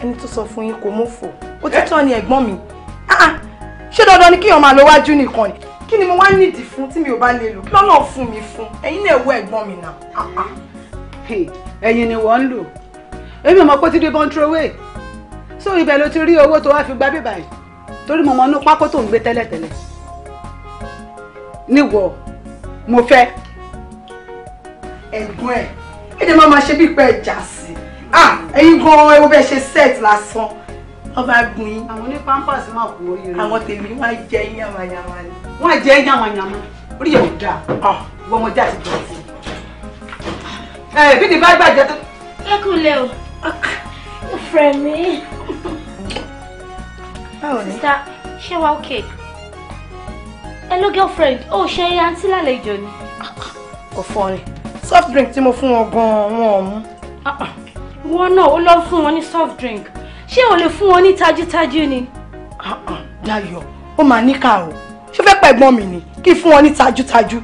ẹni tó sọ fún yín kò mú fò ó ti eh? tọ́ ni ẹ̀gbọ́n mi Ah, ah. ṣé dandan ni kíyàn máa lọ wájú nìkan ni kí ni mo wá nídìí fún tí mi ò bá lè lò kí lọ́nà fún mi fún ẹ̀yin náà wọ ẹ̀gbọ́n mi náà. Ah, ẹ̀yin ni wọ́n ń lò èmi ọmọ pé tíde bọ́n trowé so ibẹ̀ ló ti rí owó tó wá fi gbá bíbà yìí torí mo mọ inú pákó tó ń gbé tẹ́lẹ̀tẹ́lẹ̀ níwọ̀ mo fẹ́. ẹ̀gbọ́n ẹ̀ ẹ̀dẹ̀ máa ṣe bí ìpẹ́ ẹ̀jà sí i ẹ̀yin gan-an ẹ bẹ́ẹ̀ ṣe set lásán wọ́n bá gun yín. àwọn ní pampers máa kú oríire. àwọn tèmi wọ́n á jẹ yín yamayama ni. wọ́n á jẹ yín yamayama orí yẹn ò dáa ah. wọ́n mọ jáde jọ sí. ẹ bí ni bá gbàjẹ́ tó. ẹ kò lè o fẹ́ mi. báwo ni. sista ṣé wàá okay. hello girlfriend ó ṣe àǹtí lálejò ni. kò fọ ni soft drink tí mo fún wọn gan-an wọn ò mú. Ah, ah. wọn náà ó lọ fún wọn ní soft drink ṣé o lè fún wọn ní tajútajú ni. Dayọ̀ ó máa níkà o ṣé fẹ́ pa ẹ̀gbọ́n mi ni kí fún wọn ní tajútajú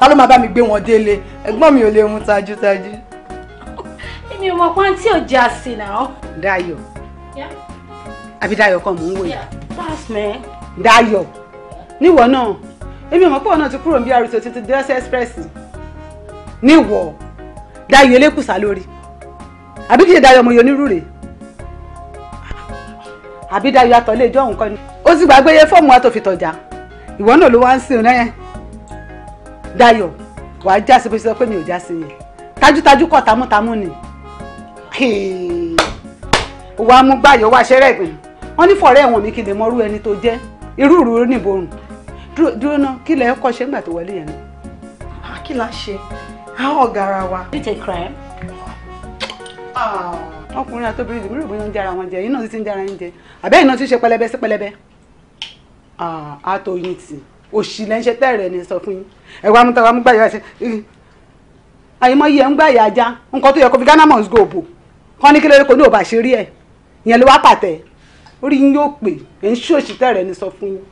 ta ló máa bá mi gbé wọn délé ẹ̀gbọ́n mi ò lè mú tajútajú. èmi ò mọ pọ́n tí ò jẹ́ àsè náà. Dayọ̀ àbí Dayọ̀ kan mò ń wòye. Dayọ̀ níwọ̀ náà èmi ò mọ̀ pọ̀ náà ti kúrò níbi àrùtò títí dẹ́sẹ̀ express níwọ̀ Dayọ̀ elékùsà lórí àbí kìí Dayọ̀ ọmọ yonírú rèé àbí Dayọ̀ àtọ̀lé ìjọ òun kọ́ ni ó sì gbàgbé iye fọ́ọ̀mù wa tó fi tọ̀jà ìwọ náà ló wá ń sìn náà Dayọ̀ wàá já sí bó ṣe sọ pé mi ò já sí yẹn tajútajú kọ̀ tamútamú ni wàá mú gbàyọ̀ wá ṣẹ́rẹ́ ìgbìn wọ́n ní fọ̀rẹ́ ẹ̀wọ̀n mi kí lè mọrú ẹni tó jẹ́ irú ìrú níborùn dúró náà kí lẹ kọ́ ṣe ńgbà tó wọlé yẹn náà. Ah, kí la ṣe àwọn ọ̀gá wa. it's a crime. Oh ọkùnrin àtobìnrin ìgbìmọ̀ ìròyìn oúnjẹ ara wọn jẹ yìí náà ti ń jẹ ara yín jẹ àbẹ́ iná ti ṣe pẹlẹbẹ sí pẹlẹbẹ àtòyìn tì òṣì lẹ́ńṣẹ́ tẹ́rẹ̀ ni sọ fún yín ẹ̀wà mú tàwa mú gbàyà ṣe àyìnbó yẹ ń gbàyà ajá nǹkan tó yẹ kó fi Ghana must go bò kán ní kí kò ní òbá ṣe rí ẹ̀ ìyẹn ló wá pàtẹ́ orí yín yóò pè ẹ̀ ń ṣí òṣì tẹ́rẹ̀ ni sọ fún yín.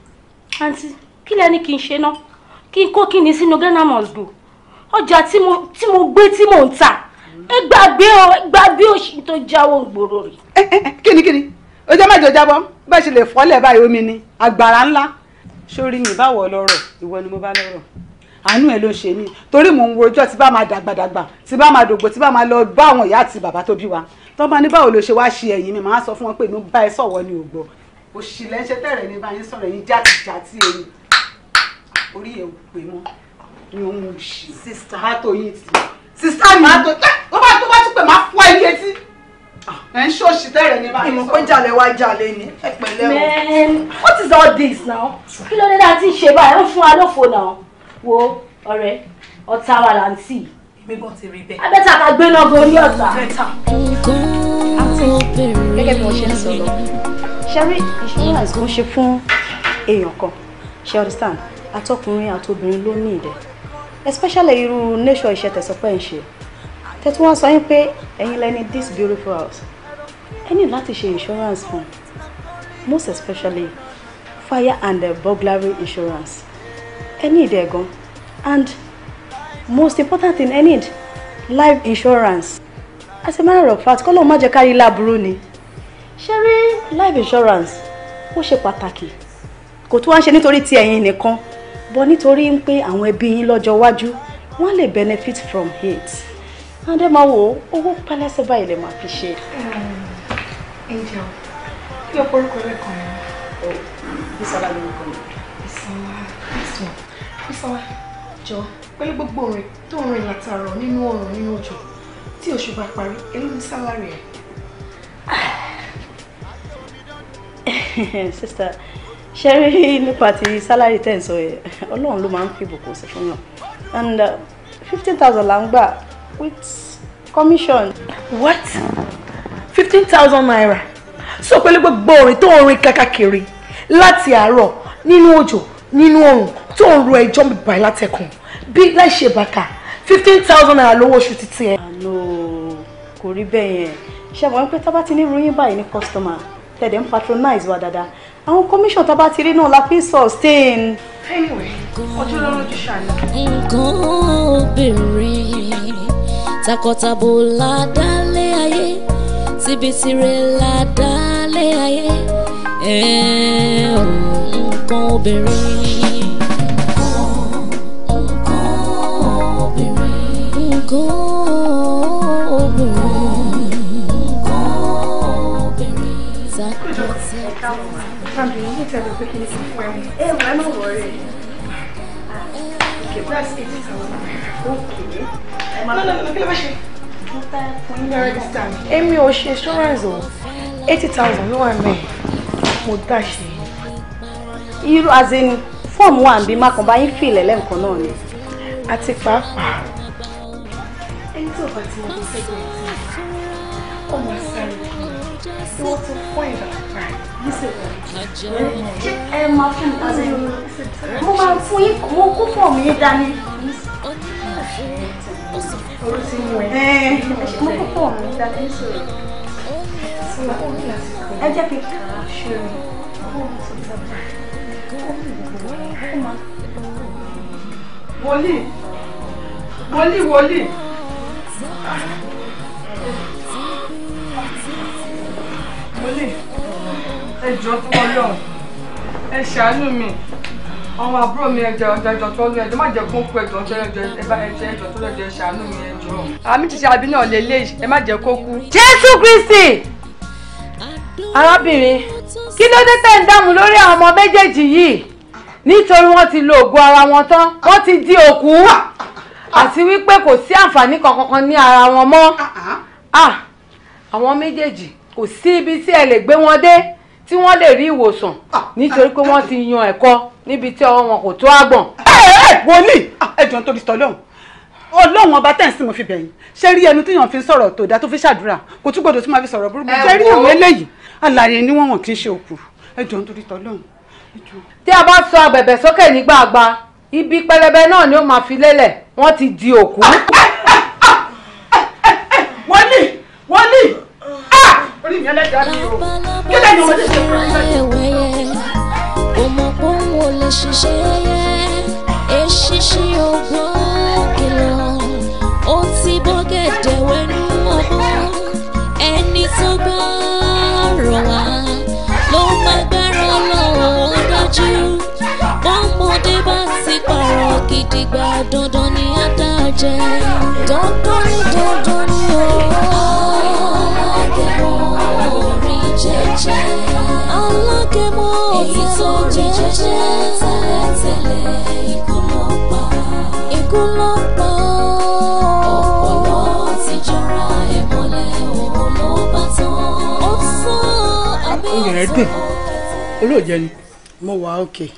àǹtí kí lẹ́ni kí n ṣe ná kí n kó kí ni sínú Ghana must go ọjà tí mo gbé tí mò ń tà ẹ gbàgbé o ẹ gbàgbé òṣì tó jáwọ́ gbòòrò rẹ̀. ẹ ẹ kíni kíni ojú ọmọ ìjọ jábọ bẹ́ẹ̀ ṣe lè fọ́lẹ̀ báyìí omi ni àgbàrá ńlá sórí mi báwọ̀ lọ́rọ̀ ìwọ ni mo bá lọ́rọ̀ àánú ẹ ló ṣe mí torí mò ń rojọ́ tí bá máa dàgbàdàgbà tí bá máa dògbò tí bá máa lọ bá àwọn ìyá àti bàbá tó bí wa tó ní báwo ló ṣe wáá ṣe ẹ̀yìn mi màá sọ fún wọn pé mi bá ẹ sọ̀wọ́ ni ògbọ́ òṣìlẹ̀ ṣe tẹ̀rẹ̀ ní báyìí sọ̀rọ̀ ẹ̀yìn játijàti ẹ̀yìn orí ẹ̀ pè mọ́ ni òun ò ṣe sísá tó yìí ti sista mi máa tó tó bá tó pè máa fọ ẹni etí ẹ ń ṣòṣì tẹ́rẹ̀ ní báyìí. ìmọ̀ pé jalè wá jalè ni ẹ pẹ̀lẹ́ o. man what is all this now kí ló dé dá ti ń ṣe báyìí ń fún wa lófo náà wo ọ̀rẹ́ ọ̀tá wa là ń tì. èmi gan ti rí bẹ́ẹ̀. abẹ́ta ká gbé náà gorí ọ̀tá. gẹ́gẹ́ bí wọ́n ṣe ń sọ lọ ṣẹ́rí insurance ló ń ṣe fún èèyàn kan ṣe understand especially irú nature iṣẹ́ tẹ̀sán pẹ́ ń ṣe tẹ̀tún wọ́n sọ yín pé ẹ̀yin lẹ́ni this beautiful house ẹ ní láti insurance fún most especially fire and eh, burglary insurance ẹ ní ìdẹ̀ gan and most important thing ẹ life insurance as a matter of fact kọ́lọ́ má jẹ́ kárí láburú ni ṣé life insurance ó ṣe pàtàkì kò tún wá ń ṣe nítorí ti ẹ̀yin nìkan but nítorí pé àwọn ẹbí yín lọ́jọ́ iwájú wọ́n lè benefit from it and ẹ máa wo owó pẹlẹsẹ báyìí lè máa fi ṣe. angel kí ọ̀pọ̀ orúkọ rẹ̀ kàn mí. o oh, bisola lórúkọ mi. bisola bisola bisola jọ pẹ̀lú gbogbo orin tó ń rìn látàárọ̀ nínú ọ̀run nínú òjò tí oṣù bá parí èló ni sálárì ẹ̀. <laughs> sister ṣe rí nípa ti salary ten sọ yẹ ọlọ́run ló máa ń fi ìbùkún sí fún yàn and uh, fifteen thousand là ń gbà with commission. what hmm. fifteen thousand naira So pé gbogbo orin tó ń rin kákàkiri láti àárọ̀ nínú òjò nínú oòrùn tó ń ro ẹjọ́ bíbá látẹ̀kùn bí láì ṣe bàkà fifteen thousand naira lówó oṣù títí ẹ. àná ah, kò rí bẹ́ẹ̀ yẹn ṣe àwọn pé tábà ti ní ròyìn báyìí ní customer tẹ̀dẹ̀ ń patronize wa dáadáa àwọn commission tá a bá ti rí náà la fi sustain. anyway ọjọ́ lọ́rọ́ ju ṣàlẹ̀. nǹkan obìnrin takọtabo la ayé tibitire la dálé ayé nǹkan obìnrin. nǹkan tell me pé kí ni sí fún ẹmu. ẹ wà á má wọrí. okay that's eight thousand. okay. lọ́nà lọ́nà kí ló fẹ́ ṣe. Èmi ò ṣe insurance o, eighty thousand ló wà mẹ́ẹ̀, mo dá ṣe. Irú azẹ́ni fọ́ọ̀mù wa àbí mákànbá yín fìlẹ̀ lẹ́ǹkan náà ni. Àti pàápàá ẹni tí ọba tí mo fi sẹ́gbẹ̀ẹ́ tí ó máa sáré fún mi tí wọ́n ti pọ́ ìgbà pa nísìnyí my, ẹ máa fún mi tàbí mo máa fún yín mo kú fún ọ̀mù yín dání. orí ti mú ẹ mo kú fún ọ̀mù yín dání nísìnyí ẹ jẹ́ kí n kà á ṣe rẹ̀ Wally, Wally, wòlíì. Olè, ẹ jọ fún Ọlọ́run, ẹ ṣàánú mi. Àwọn àbúrò mi ẹ̀jọ̀ ọ̀jọ̀jọ̀ tó lọ ẹ̀jọ̀ má jẹ́ kó kú ẹ̀jọ̀ ọ̀jọ̀ ẹ̀bá ẹ̀jẹ̀ ẹ̀jọ̀ tó lọ ẹ̀jọ̀ ṣàánú mi ẹ̀jọ̀. Àmì ti ṣe àbí náà lélẹ̀ ẹ má jẹ́ kó kú. Jésù Kristi! Arábìnrin, kí ló dé tẹ̀ ń dààmú lórí àwọn ọmọ méjèèjì yìí? Nítorí wọ́n ti lo òògùn ara wọn tán, wọ́n ti di òkú àti wípé kò sí àǹfààní kankan ní ara wọn mọ́ ah, àwọn méjèèjì kò sí ibi tí ẹ lè gbé wọn dé tí wọ́n lè rí ìwòsàn ah, nítorí pé wọ́n ah, ti yan ẹ̀kọ́ níbi tí ọwọ́ wọn kò tó àgbọ̀n. Eh, eh, wòlíì ẹjọ́ nítorí tọ́lọ́hún ọlọ́run ọba tẹ̀sí mo fi bẹ̀yìn ṣé rí ẹnu tíyàn fi sọ̀rọ̀ tó dáa tó fi ṣàdúrà kò tún gbọdọ̀ tún máa fi sọ̀rọ̀ burúkú ṣé rí àwọn eléyìí alààyè ni wọ́n wọ̀n kì í ṣe òkú ẹjọ́ nítorí tọ́lọ́hún. tí a bá sọ abẹ̀bẹ̀ sókè nígbà àgbà ibi pẹlẹbẹ náà ni ó máa fi lélẹ̀ wọ́n ti di òkú. wọ́n ah! ní kí lẹ́yìn wọ́n ti ṣe fún mi. ọmọ kan wo lè ṣiṣẹ́ eṣiṣi ọgbọ́n kìlọ̀ ó ti bọ́gẹ̀dẹ̀ wẹ́nu ọgbọ́n ẹni tó gbọ́ rọ̀ wá ló máa gbára lọ́wọ́ dájú bá sì pààrọ̀ gidi gba dandan ni adájẹ́ dandan ni dandan ni o. alágẹ̀mọ́ orí jẹ́jẹ́ alágẹ̀mọ́ èyí tó rí jẹ́jẹ́ tẹ́lẹ̀tẹ́lẹ̀ ikú ló pa ikú ló pa ọpọlọ ti jọra olóòjẹ ni mo wà ókè. Okay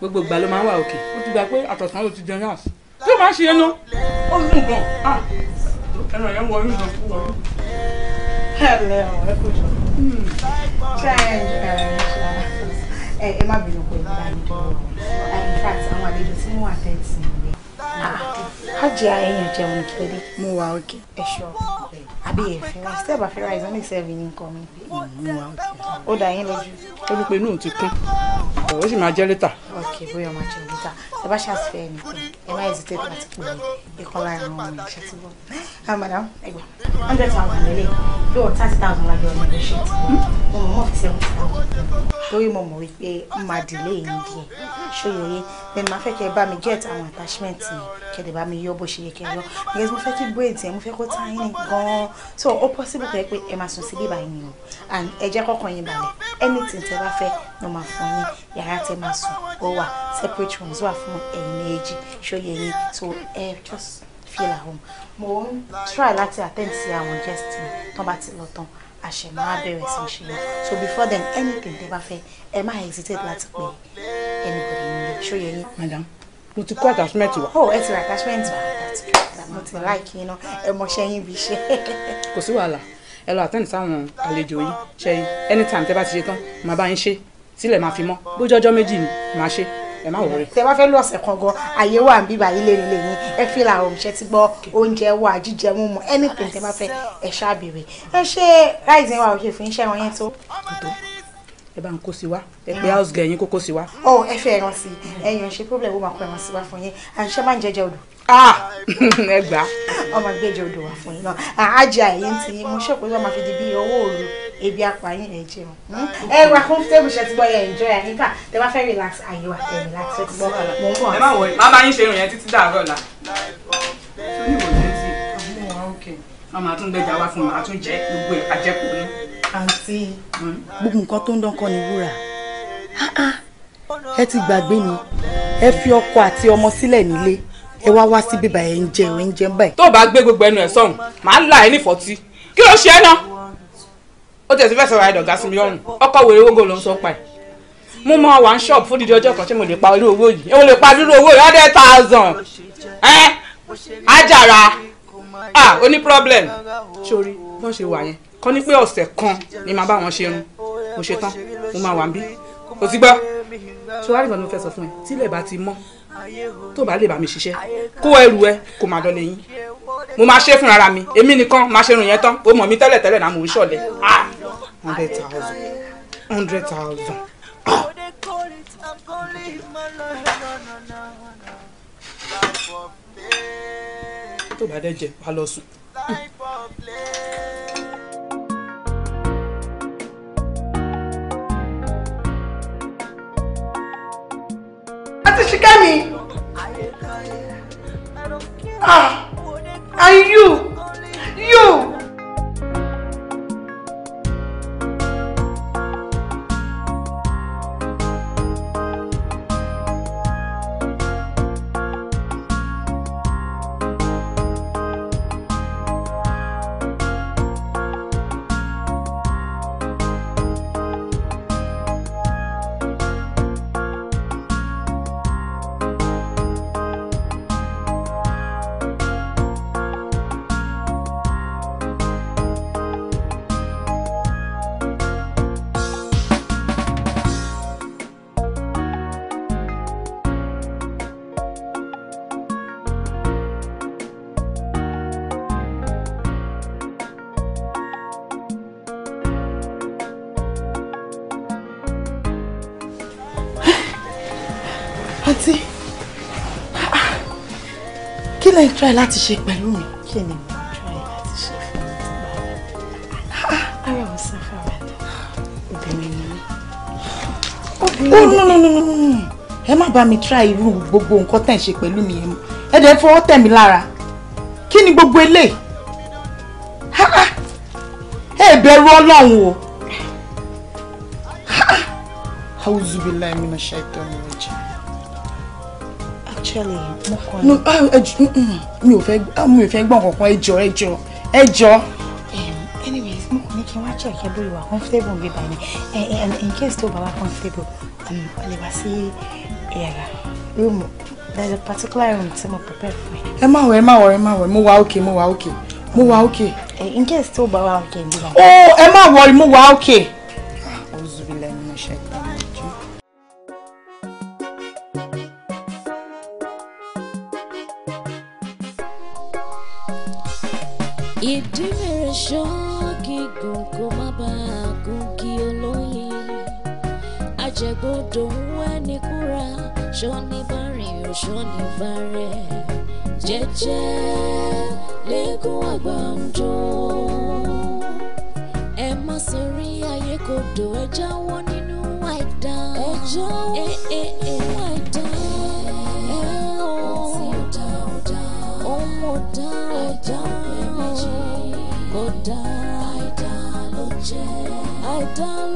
gbogbo ìgbà ló máa ń wà òkè ó ti gbà pé àtọ̀sán ló ti jẹun yàtọ̀ tí ó máa ń ṣe ẹnu ó ń dùn gan ah! ẹnu ẹ̀yẹ́ wọ inú ìdánwò wọ. ẹ lẹ kò jọ ṣe ẹ ẹ ẹ má bínú pé ìgbà mi dùn ọ in fact àwọn àlejò tí mo wà tẹ́tì ń lé. Hajia ẹ̀yin jẹun ní kílódé. Mo wà òkè. Ẹ ṣọ́ àbí ẹ̀fẹ́ wa ṣé ẹ̀bà fẹ́ ra ìsọ́nì sẹ́ẹ̀bì ní nǹkan mi. Mo wà òkè. Ó dà yín lójú. Ó ní pé inú òun ti kún. Ó sì máa jẹ́ lẹ́tà. Ok bóyá ọmọ jẹun lẹ́tà. Ẹ bá ṣàtìfẹ́ ẹni pé ẹ má hesitate láti pè mí. Ikọ́ lára àwọn ọmọ ìṣẹ́ ti bọ̀. Ah madam ẹgbà hundred thousand lélẹ̀ yóò thirty thousand lájọ ọmọ ìlú ṣe ti bọ̀. Mo mọ̀ fi seven thousand. Torí mo mọ̀ wípé ó máa delay yín díẹ̀. Ṣé yẹ yé? Bẹ́ẹ̀ni máa fẹ́ kí ẹ bá mi get àwọn attachment yẹn kẹ́ yọ bó ṣe yẹ kẹ́ yọ yes mo fẹ́ kí braids yẹn mo fẹ́ kó tiny gan so ó possible kẹ́ pé ẹ máa sùn sí bíbá yín o and ẹ jẹ́ kọ́kàn yín balẹ̀ anything tẹ́ bá fẹ́ ló máa fún yín yàrá tẹ́ máa sùn ó wà separate rooms wà fún ẹ̀yin méjì ṣóyẹ yín so ẹ just feel at home mo ń try láti attend sí àwọn guest tán bá ti lọ tán àṣẹ máa sí ṣe yẹn so before then anything tẹ́ bá fẹ́ ẹ má hesitate láti pè anybody ní ṣóyẹ yín. madam mo ti kó attachment wa. oh ẹ ti ra attachment wa mo ti like yín náà ẹ mọṣẹ yín bí iṣẹ́. <laughs> kò sí wàhálà ẹ lọ àtẹ̀ǹtì sáwọn àlejò yín ṣe anytime tẹ bá ti ṣe tán màá bá yín ṣe sílẹ̀ máa fi mọ́ bójú ọjọ́ méjì ni màá ṣe ẹ má wọrí. tẹ bá fẹ́ lọ ọ̀sẹ̀ kan gan àyè wà ń bí báyìí lè nílé yín ẹ fi ra òun ṣe ti gbọ́ oúnjẹ wà jíjẹ mímu anything tẹ bá fẹ́ ẹ ṣáà béèrè ẹ ṣe ráìsì wa ò ṣe fi ń ṣẹ́wọ̀n yẹn tó ẹ bá ń kó sí wa ẹ pé ah. house girl yín kó kó sí wa. ọ oh, ẹ fẹ́ ẹran sí i ẹ̀yin ṣe problem ó máa kó ẹran sí wa fún yín àṣẹ máa ń jẹjẹ odò. Ah! <laughs> ẹ gbà. ọmọ gbẹjẹ odò wà fún yín náà àájà ẹ̀yìn ti yín mo ṣọ̀pọ̀ lọ́ọ́ máa fi di bí owó òru ebi apààyàn ẹ jẹun. Hmm? ẹ wà fún tẹ́bù ṣe ti gbọ́ yẹn enjoy ẹ̀ nígbà tẹ bá fẹ́ relax àyè wà tẹ relax ẹ ti gbọ́ mọ̀ ń bọ̀. ẹ má wọlé má bá yín ṣe irun yẹn títí dàárọ̀ la wọn máa tún gbẹjà wá fún mi àtún jẹ gbogbo ẹ àjẹkù ni. àǹtí hmm? gbogbo nǹkan tó ń dán kọ́ ni wúrà ẹ ti gbàgbé ni ẹ fi ọkọ àti ọmọ sílẹ̀ nílé ẹ wá wá sí bíbá ẹ ń jẹ ẹ ń jẹ báyìí. tó o bá gbé gbogbo ẹnu ẹ sọhùn màá là ẹ ní kí ló ṣe ẹ náà ó tẹ̀sí fẹ́ sọ̀rọ̀ àìdọ̀gá sí mi lọ́rùn ọkọ̀ wèrè owó ló ń sọ pa ẹ̀ mo mọ one shop fún dídí ọjọ́ kan ṣé mo lè pa irú owó yìí mo lè pa irú owó yìí hundred thousand ẹ́ ajára Ah, ah ó ní problem sórí bọ́n ṣe wà yẹn kọ́ ni pé ọ̀sẹ̀ kan ni màá bá wọn ṣe irun mo ṣe tán mo máa wà ń bí o ti gbọ́ ṣé wàá rí ìbọn mi fẹ́ sọ fún ẹ tílẹ̀ bá ti mọ́ tó bá lè bá mi ṣiṣẹ́ kó ẹrù ẹ kó máa dọ́lé yín mo máa ṣe fúnra mi èmi nìkan máa ṣe irun yẹn tán o mọ̀ mi tẹ́lẹ̀ tẹ́lẹ̀ náà mo ń ṣọ̀lẹ̀ ah hundred thousand hundred thousand ah! tó bá dẹ̀ jẹ wá lọ sùn. àti ṣìkẹ́mi ah are you you. try láti ṣe pẹ̀lú mi. kí ni mo try láti ṣe fún mi. ara ò sá fara dà obìnrin ni oh, no no no ẹ má bá mi try irú gbogbo nǹkan tẹ̀ ń ṣe pẹ̀lú mi yẹn ẹ dẹ̀ fọwọ́ tẹ̀ mí lára kí ni gbogbo eléyìí ẹ bẹ̀rù ọlọ́run o. auzu billahi minash shaitani rajim actually mo kàn ní. Ah, mi ò fẹ́ ah, mi ò fẹ́ gbọ́n kankan ẹjọ́ ẹjọ́ ẹjọ́. anyways mo kàn ní kí n wá check ẹ lórí wa comfortable bí báyìí in case tó bá wá comfortable o um, lè wá sí yàrá eh, rúùmù there's a particular room tí mo prepare for. ẹ. ẹ má wọ ẹ má wọ ẹ má wọ mo wà okay mo wà okay mo wà okay. Eh, in case tó bá wá okay bí báyìí. ó ẹ má wọ mo wà okay. Oh, dòun ẹni kúra ṣọ́ni bá rìn ó ṣọ́ni bá rẹ̀ jẹ́jẹ́ lẹ́gùn àgbà ń dùn. ẹ má sọrí ayé kò dò ẹ jáwọ́ nínú àìdá ẹ jáwọ́ ẹ ẹ dá lójú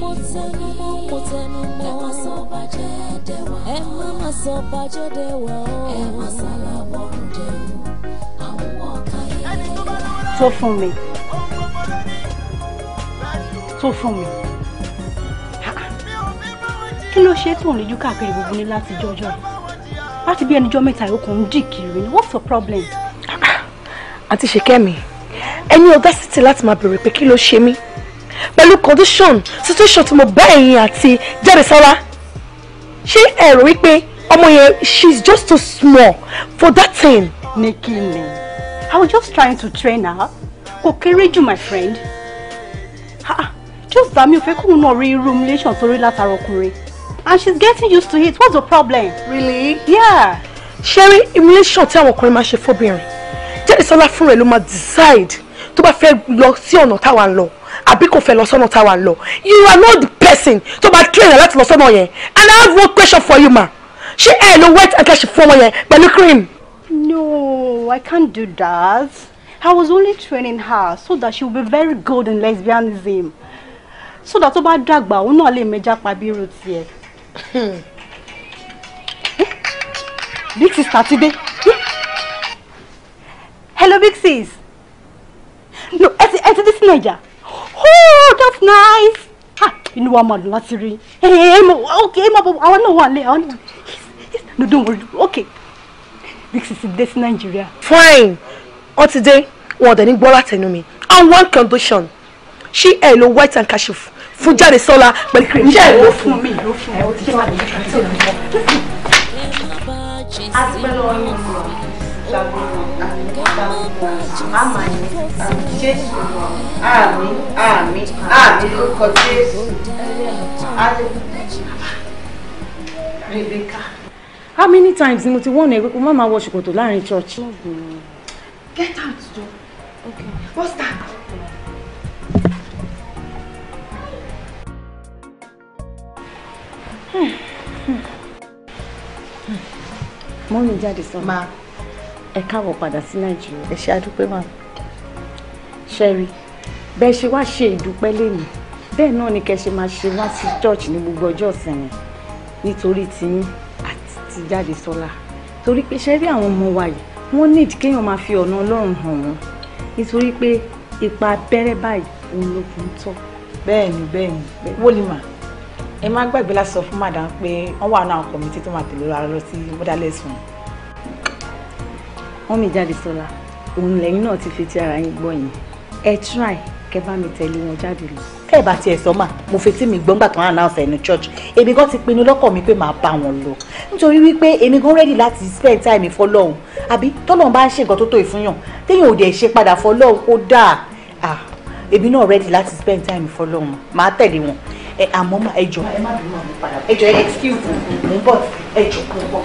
mo tẹnu mọ́ mo tẹnu mọ́. ẹ má sọ bàjẹ́ dẹ̀ wá. ẹ má má sọ bàjẹ́ dẹ̀ wá o. ẹ má mi tó fún mi kí ló ṣe tó ń lejú káàkiri gbogbo ní láti jọjọ láti bí ẹnijọ́ mẹ́ta ìyókù ń dì kiri ni what's your problem. àǹtí Ṣèkẹ́mi ẹni ọ̀dá sì ti láti máa bèrè pé kí ló ṣe mí pẹ̀lú condition situation tí mo bá ẹ̀yìn àti Jádesọ́lá ṣé ẹ rò wípé ọmọ yẹn she is just too small for that thing. ní kí ni I was just trying to train her kò kéré jù my friend just dami ò fẹ́ kóun náà rí irú relation tó rí látara ọkùnrin and she is getting used to it what's the problem. really. yeah. ṣé rí emulation tí àwọn ọkùnrin máa ṣe fóbìnrin Jádesọ́lá fúnra ẹ̀ ló máa decide tó bá fẹ́ lọ sí ọ̀nà táwa ń lọ àbí kò fẹ́ lọ sọ́nà táwa ń lọ you are not the person to bá train láti lọ sọ́nà yẹn and I have one question for you ma ṣé ẹ ló wet ẹ̀kẹ́ ṣe fún ọmọ yẹn pẹ̀lú cream. No, I can't do that. I was only training her so that she will be very good in lesbianism so that tó bá dàgbà òun náà lè mẹja pa bí irú tiẹ̀. Big sis tàti dé. Hello big sis. No, ẹ ti ẹ ti dé sí oh that's nice inú you know lọ láti rí hey, okay, I want náà one. lẹ́ no don't worry Okay, big sisi this Nigeria. nàìjíríà. fine ó ti dé wọn ọ̀dẹ̀ ní gbọ́ látẹnu mi on one condition she ain't no white and kashif fún jáde sọ́la but kìrìmì. ǹjẹ́ ìlú fún mi ìlú fún mi ó ti wà ní ìlú àti pẹ̀lú ọ̀rọ̀ mi ìgbàgbọ́. Màmá ni Jésù àmín àmín àmín lórúkọ Jésù. Rebecca. How many times ni mo ti wọ́n ẹ̀ pé kó má máa wọ ṣòkòtò láàrin church? Get out, Joe. Okay. What's that? Hmm, hmm. hmm. Morning, jáde sọ. Máa ẹ káwọ̀ padà sí nàìjíríà. ẹ ṣe àdúpẹ́ mà. ṣẹ́rí bẹ́ẹ̀ ṣe wá ṣe ìdúpẹ́ lẹ́nu bẹ́ẹ̀ náà ni kẹ́ ṣe máa ṣe wá sí church ní gbogbo ọjọ́ ìsinmi nítorí tiyín àti ti jáde sọ́la torí pé ṣẹ́rí àwọn ọmọ wa yìí wọ́n need kéèyàn máa fi ọ̀nà ọlọ́run hàn wọ́n nítorí pé ipa abẹ́rẹ́ báyìí òun ló fi ń tọ́. bẹ́ẹ̀ni bẹ́ẹ̀ni wọlé mà ẹ má gbàgbé láti sọ fún màdàm pé wọn wà náà kọmítì tó máa tẹ̀lé ra lọ sí mọdálẹsùn wọ́n mi jáde sọ́la òun lẹ́yìn náà ti fi ti ara yín gbọ́ yẹn ẹ try kẹ bá mi tẹ̀lé wọn jáde lọ. tẹ́ ẹ bá tiẹ̀ sọ mà mo fi tí mi gbọ́ngbà tán announce ẹnu church èmi gan ti pinnu lọ́kàn mi pé màá bá wọn lọ nítorí wípé èmi gan ready láti spend time fọlọ́hún àbí tọ́lọ́hún bá ń ṣe nǹkan tó tó ìfúnyàn téèyàn ò dẹ̀ ṣe padà fọlọ́hún kó dáa ah èmi náà ready láti spend time fọlọ́hún màá tẹ̀lé wọn ẹ àmọ́ mà ẹ má bínú àmì padà ẹ ẹ excuse me mo ń bọ̀ ẹ mo ń bọ̀.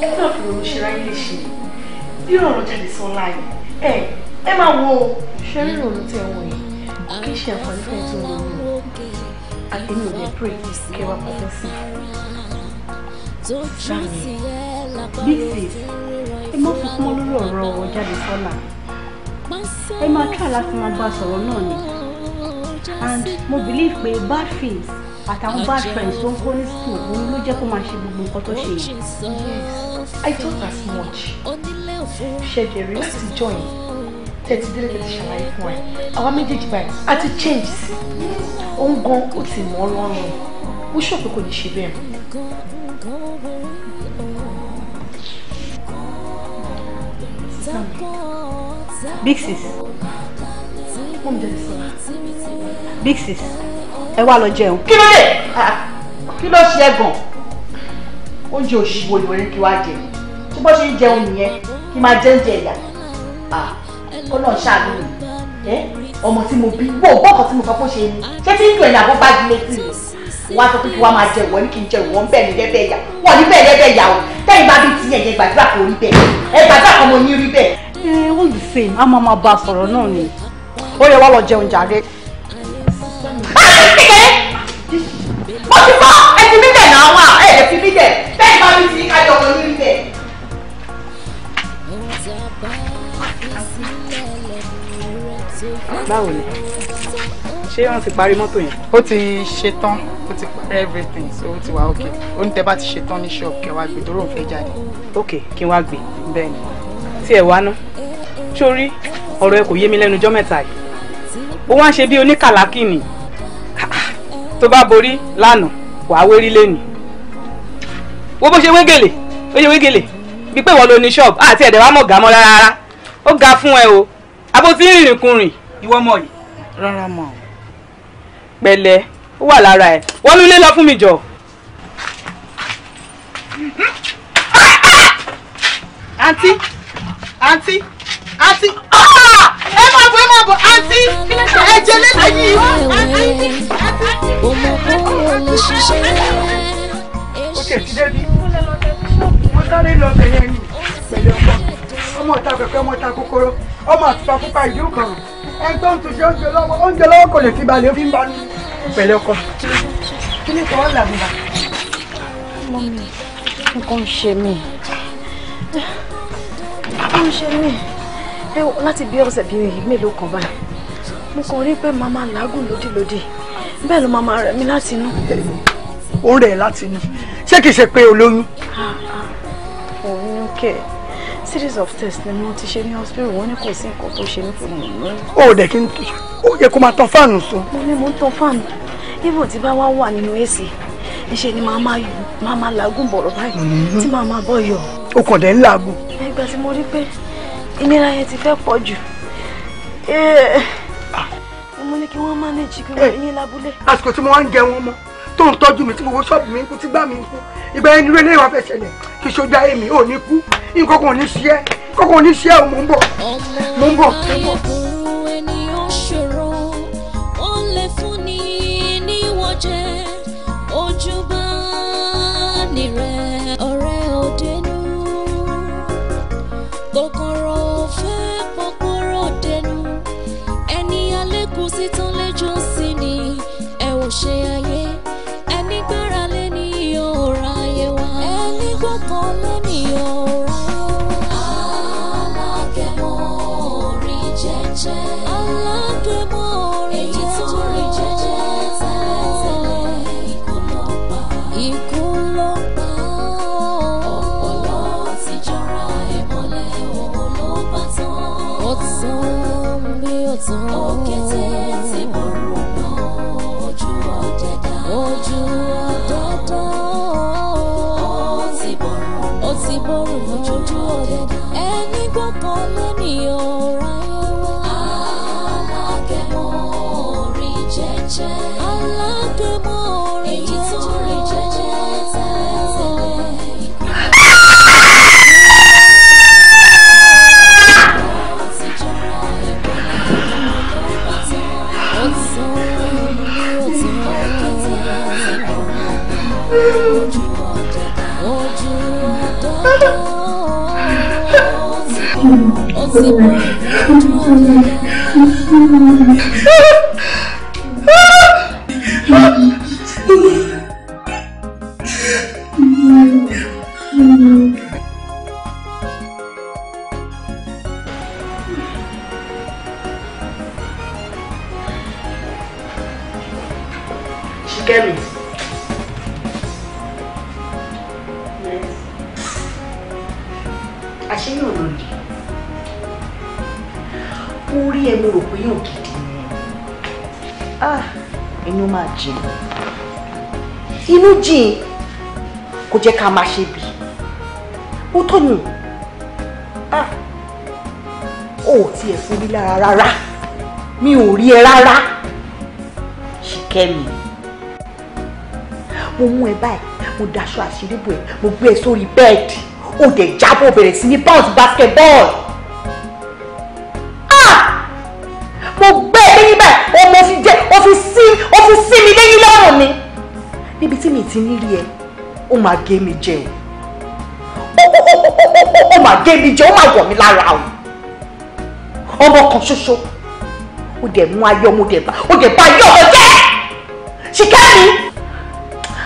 ẹ náà fi òun ṣe ráyè ṣe bí ọ̀rọ̀ jáde sọ láàyè ẹ ẹ máa wo ṣe rí ìrònú tẹ wọn yìí kí ṣe àǹfààní fẹ́ tó lò ní pray kí ẹ wá pàtẹ́ sí i. big sis ẹ má fi kún lórí ọ̀rọ̀ ọ̀rọ̀ jáde sọ́la ẹ máa try láti máa bá sọ̀rọ̀ náà ni and mo believe pé bad things àtàwọn bad friends tó ń kó ní school òun ló jẹ́ kó máa ṣe gbogbo nǹkan tó ṣe yìí i thought as much ṣẹ̀dẹ̀rì láti join tẹ̀tí délé tẹ̀tí ṣàlàyé fún ẹ àwa méjèèjì báyìí a ti change sí òun gan ó ti mọ̀ ọ́ lọ́rùn ó ṣọ̀pẹ́ kò ní ṣe bẹ́ẹ̀ mọ́. big sis mom jẹ́ sọ́la big ẹ wá lọ jẹun. kí ló dé ah, ah. kí ló ṣe ẹ gan oúnjẹ òṣìwò ìwé kí wàá jẹ tí bó ṣe ń jẹun nìyẹn kí máa jẹ oúnjẹ ìyá ah, ó náà ṣáàlú mi ọmọ tí mo bí wò gbọ́kọ̀ tí mo fọ́ kó ṣe ni ṣé tí ń dùn ẹ̀yìn àbọ̀ bá dilé tì mí wọ́n á sọ pé kí wọ́n máa jẹ ìwọ ní kí n jẹ ìwọ ń bẹ̀ ní lẹ́bẹ̀ yà wọ́n ní bẹ̀ lẹ́bẹ̀ yà o tẹ́yìn bá bí ti yẹn yẹn gbàdúrà kò rí bẹ́ẹ̀ ẹ gbàdúrà kò mọ yín rí bẹ́ẹ̀. ẹ all the same a máa máa bá a sọ̀rọ̀ náà ni ó yẹ wá lọ jẹun jàre mo ti fọ́ ẹ ti mí dẹ̀ náà wà ẹ ẹ ti mí bẹ́ẹ̀ bá mi ti kájọ ọmọ mi dẹ̀. báwo ni ṣé wọ́n ti parí mọ́tò yẹn. ó ti ṣetán ó ti parí everything so ó ti wà ok ó ní tẹ́ bá ti ṣetán ní ṣọ́ọ̀bù kẹwàá gbé dóró òun fẹ́ jáde. ok kí n wá gbé. bẹ́ẹ̀ ni. tí ẹ wá ná sórí ọ̀rọ̀ ẹ kò yé mi lẹ́nu jọ́ mẹ́ta yìí ó wá ń ṣe bí oníkàlákì nìyí tó bá borí lánàá wàá wérí lẹ́nu wo bó ṣe wégele ó ṣe wégele bí pé ìwọ ló ní ṣọ́ọ̀bù àti ẹ̀dẹ̀ wa mọ̀ gà mọ́ rárá ó ga fún ẹ o abó ti ń rìnrìn kun rìn ìwọ mọ̀ yìí rárá mọ̀ pẹ̀lẹ́ ó wà lára ẹ̀ wọ́n nílé lọ fún mi jọ. àǹtí àǹtí àǹtí bọ̀ àǹtí ẹ̀jẹ̀ lẹ́sẹ̀ yìí. ọmọ kọ́wọ́ lọ ṣiṣẹ́. ó débi mo sáré lọ tẹ̀lé ẹni pẹ̀lú ọmọ ọmọ ọ̀tá pẹ̀pẹ́ ọmọ ọ̀tá kòkòrò ọmọ àtúpa pupa ìlú kan ẹni tó ń tún oúnjẹ lọ́wọ́ oúnjẹ lọ́wọ́ kò lè fi balẹ̀ fi ń bá pẹ̀lẹ́ ọkọ kí ni kò wọ́n là mí bá. mi nǹkan ń ṣe mí nǹkan ń ṣe mí ẹ láti bí ọ̀sẹ̀ bíi mélòó kan báyìí mo kàn rí pé màmá làágùn lódìlódì bẹ́ẹ̀ ló màmá rẹ̀ mí láti inú. ó ń rẹ̀ láti inú ṣé kìí ṣe pé olóyún. oyún ah, ah. kẹ series of tests ni mo ti ṣe ní hospital wọn ní kò sí nǹkan tó ṣe mí fún mi. ó dẹ̀ kí n ó yẹ kó máa tan fáànù sùn. mo ní mo ń tan fáànù ibo tí bá wá wà nínú èsì níṣẹ́ ni màmá màmá làágùn bọ̀rọ̀ báyìí mm-hmm. tí màmá bọ̀ yọ. o kàn dẹ̀ ń làágùn. ẹgbà tí mo rí pé ìnira yẹn ti fẹ́ pọ̀ jù eh, mo ní kí wọ́n mánéjì kí wọ́n yín eh, lábúlé. àsìkò tí mo wá ń jẹ wọn mọ tó ń tọ́jú mi tí mo wo ṣọ́ọ̀bù mi kú tí gbá mi kú ìgbà ẹni rẹ léwà fẹ́ ṣẹlẹ̀ kí sójà èmi ò ní kú nǹkan kan ò ní ṣe é nǹkan kan ò ní ṣe é o mò ń bọ̀ mò ń bọ̀ mò ń bọ̀. ojúbọ orí jìn kò jẹ́ ká máa ṣe bì ó tó nù ah! ó tiẹ̀ fún mi lára rárá mi ò rí ẹ rárá ṣìkẹ́ mi mo mú ẹ báyìí mo daṣọ àṣírí bò ẹ mo gbé ẹ sórí bẹ́ẹ̀dì ó dẹ̀ jábọ̀ bẹ̀rẹ̀ sí ní bounce basketball. ti ń rí ẹ ó máa gé mi jẹ o ó máa gé mi jẹ ó máa wọ̀ mí lára o ọmọ kan ṣoṣo ó dẹ̀ mú ayé ọmọ dẹ̀ bá ó dẹ̀ bá ayé ọmọ jẹ́ ṣìkẹ́ mi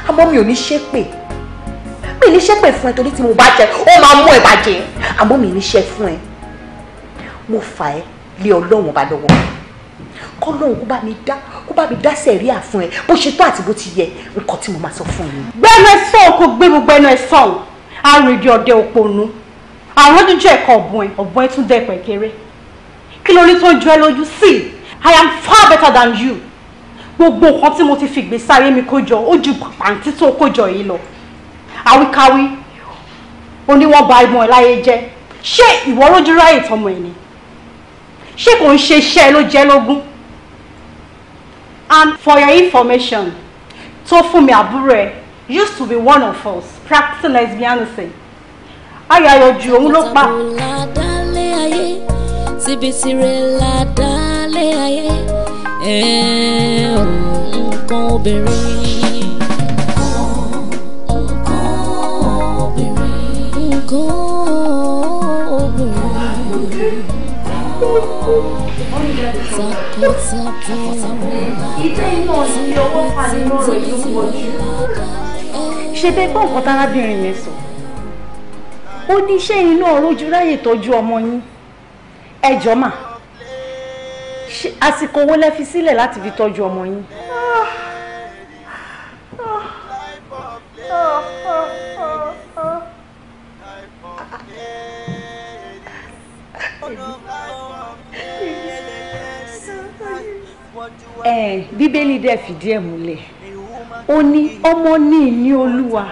àmọ́ mi ò ní ṣépè mi ní ṣépè fún ẹ torí tí mo bá jẹ ó máa mú ẹ bàjẹ́ àmọ́ mi ní ṣe fún ẹ mo fà ẹ lé ọlọ́run bá lọ́wọ́ kọ́ lóhùn kó bá mi dá kó bá mi dá sẹ̀ríà fún ẹ bó ṣe tó àti bó ti yẹ nǹkan tí mo máa sọ fún yín. gbẹ́nu ẹ sọ̀hún kó gbé gbogbo ẹnu ẹ sọ̀hún àròjì ọ̀dẹ òpònú àwọn dúdú ẹ̀kọ́ ọ̀bùn ẹ̀ ọ̀bùn ẹ̀ tún dẹ̀ pẹ̀kẹ́rẹ́ kí lórí tó jọ ẹ lójú sí i am far better than you gbogbo nǹkan tí mo ti fi gbèsè ayé mi kójọ ó ju pàǹtí tó kójọ yìí lọ àwíkáwí oníwọ̀nba ìmọ̀ ẹ̀ láyé jẹ́ ṣé ìwọ lójú ráyè tọmọ ẹ̀ ni ṣé kò ń ṣe iṣẹ́ ló jẹ́ lógún and for your information Tófúnmi Àbúrò used to be one of us practicing lesbianism Ayọ̀yọ̀jú òun ló pa. tibitire la ìjẹ́ iná ọ̀sìn ni ọwọ́ pàdé lọ́rọ̀ yìí ń wọlé. ṣe bẹ́ẹ̀ gbọ́ nǹkan tárábìnrin yẹn sọ ó ní iṣẹ́ iná ọ̀rọ̀jú ráyè tọ́jú ọmọ yín ẹjọ́ mà àsìkò wo lẹ fi sílẹ̀ láti fi tọ́jú ọmọ yín. bíbélì dẹ̀ fìdí ẹ̀ múlẹ̀ ó ní ọmọ ní ìní olúwa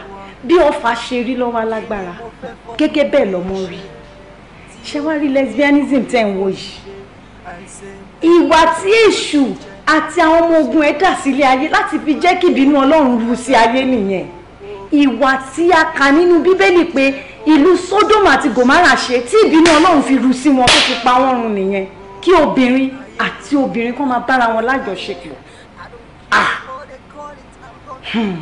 bí ọfà ṣe rí lọ́wọ́ alágbára gẹ́gẹ́ bẹ́ẹ̀ lọ́mọ rí ṣé wàá rí lesbianism tẹ́ ń wò yìí ìwà tí èṣù àti àwọn ọmọ ogun ẹ̀ dà sílé ayé láti fi jẹ́ kí ìbínú ọlọ́run ru sí ayé nìyẹn ìwà tí a kà nínú bíbélì pé ìlú Sódómù àti Gòmárà ṣe tí ìbínú ọlọ́run fi ru sí wọn tó fi pa wọ́n run nìyẹn kí obìnrin àti obìnrin kan máa bára wọn lájọṣepọ̀ ah hmm.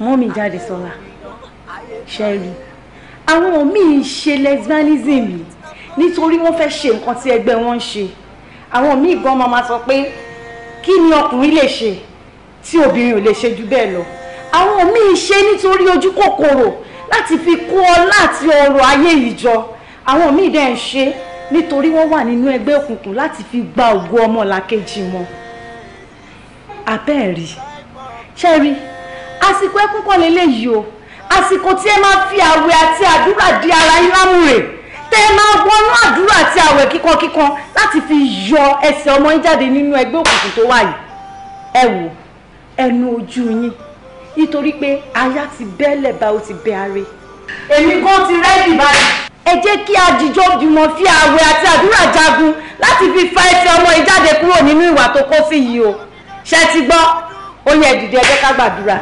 mọ́mí jáde sọ́la ṣẹ́rí àwọn míì ń ṣe lesbianism yìí nítorí wọ́n fẹ́ ṣe nǹkan tí ẹgbẹ́ wọn ń ṣe àwọn míì gan máa ma sọ pé kí ni ọkùnrin lè ṣe tí obìnrin ò lè ṣe jù bẹ́ẹ̀ lọ àwọn míì ṣe nítorí ojú kòkòrò láti fi kó ọ láti ọrọ̀ ayé yìí jọ àwọn míì dẹ̀ ń ṣe nítorí wọ́n wà nínú ẹgbẹ́ òkùnkùn láti fi gba ògo ọmọlàkejì wọn abẹ́ẹ̀ rí ṣẹ́rí àsìkò ẹkún kọ́ lélẹ́yìí o àsìkò tí ẹ máa fi àwẹ̀ àti àdúrà di ara yín lámùrè tẹ́ ẹ máa wọnú àdúrà àti àwẹ̀ kíkan kíkan láti fi yọ ẹsẹ̀ ọmọ yín jáde nínú ẹgbẹ́ òkùnkùn tó wà yìí ẹ wò ẹnu ojú yín nítorí pé aya ti bẹ́lẹ̀ bá o ti bẹ are èmi gan ti rẹ́ẹ̀dì báyìí ẹ jẹ́ kí àjíjọ́ bímọ fi àwẹ̀ àti àdúrà jagun láti fi fa ẹsẹ̀ ọmọ yìí jáde kúrò nínú ìwà tó kó sí yìí o ṣe ti gbọ́ ó yẹ dìde ẹ jẹ́ ká gbàdúrà.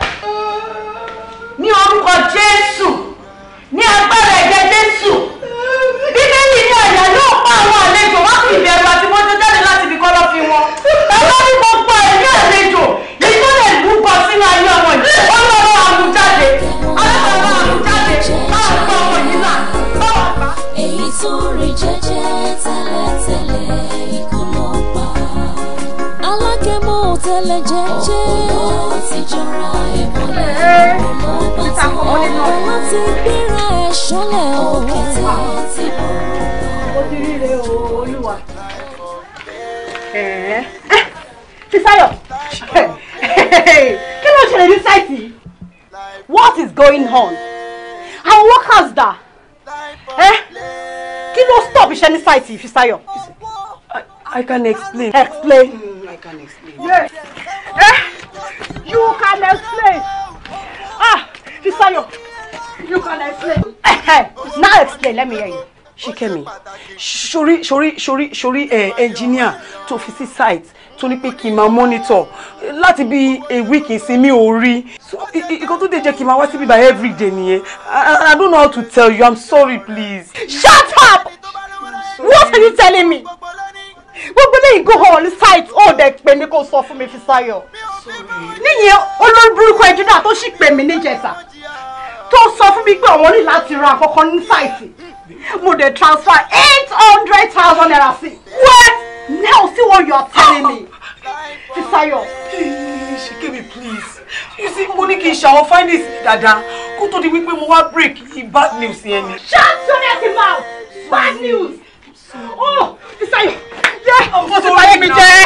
ní orúkọ jésù ní agbára ẹ̀jẹ̀ jésù bíbélì ní ọ̀yà yóò pa àwọn àlejò wá sí ìbẹ̀rù àti mọ́tò jáde láti ibi kọ́ lọ́ fi wọn. ẹ bá wù lè jẹ́jẹ́. ó ti jọra ẹ̀wọ̀n lẹ́yìn ọ̀pọ̀lọpọ̀ láti gbéra ẹ̀ ṣọlẹ̀ òkè tí ó ti bọ̀. ó ti ríre o olúwa. Fisáyọ̀ kí ló ṣẹlẹ̀ ní sáìtì yìí what is going on àwọn workers dà kí ló stop iṣẹ́ ní sáìtì yìí Fisáyọ̀. I can explain. Explain. Mm, I can explain. Yes. Eh? You can explain. Ah, Fisayo, you can explain. Now explain, let me hear you. Ṣíkẹ́mi, ṣorí ṣorí ṣorí ṣorí ẹ̀ eh, ẹnjìníà Engineer to visit site to ní pé kí n máa monitor láti bí a week ìsinmi ò rí. Nǹkan tó dé jẹ́ kí n máa wá síbí by every day nìyẹn. I don't know how to tell you, I'm sorry please. Shut up! What are you telling me? gbogbo lẹ́yìn go on site ó dẹ̀ pè mí kó sọ fún mi Fisáyọ̀ níyẹn olórí burúkú ẹjọ́ náà tó sì pè mí níjẹta tó sọ fún mi pé òun ní láti ra àkọ́kọ́ ní sáìtì mo dẹ̀ transfer eight hundred thousand naira sí what now see what you are telling me Fisáyọ̀. please give me, please you see mo ní kí n ṣàwọn finance dáadáa kó tó di wípé mo wá break bad news yẹn ni. shut your mouth bad news oh Fisáyọ̀ jẹ́ o oh, ti báyé mi jẹ́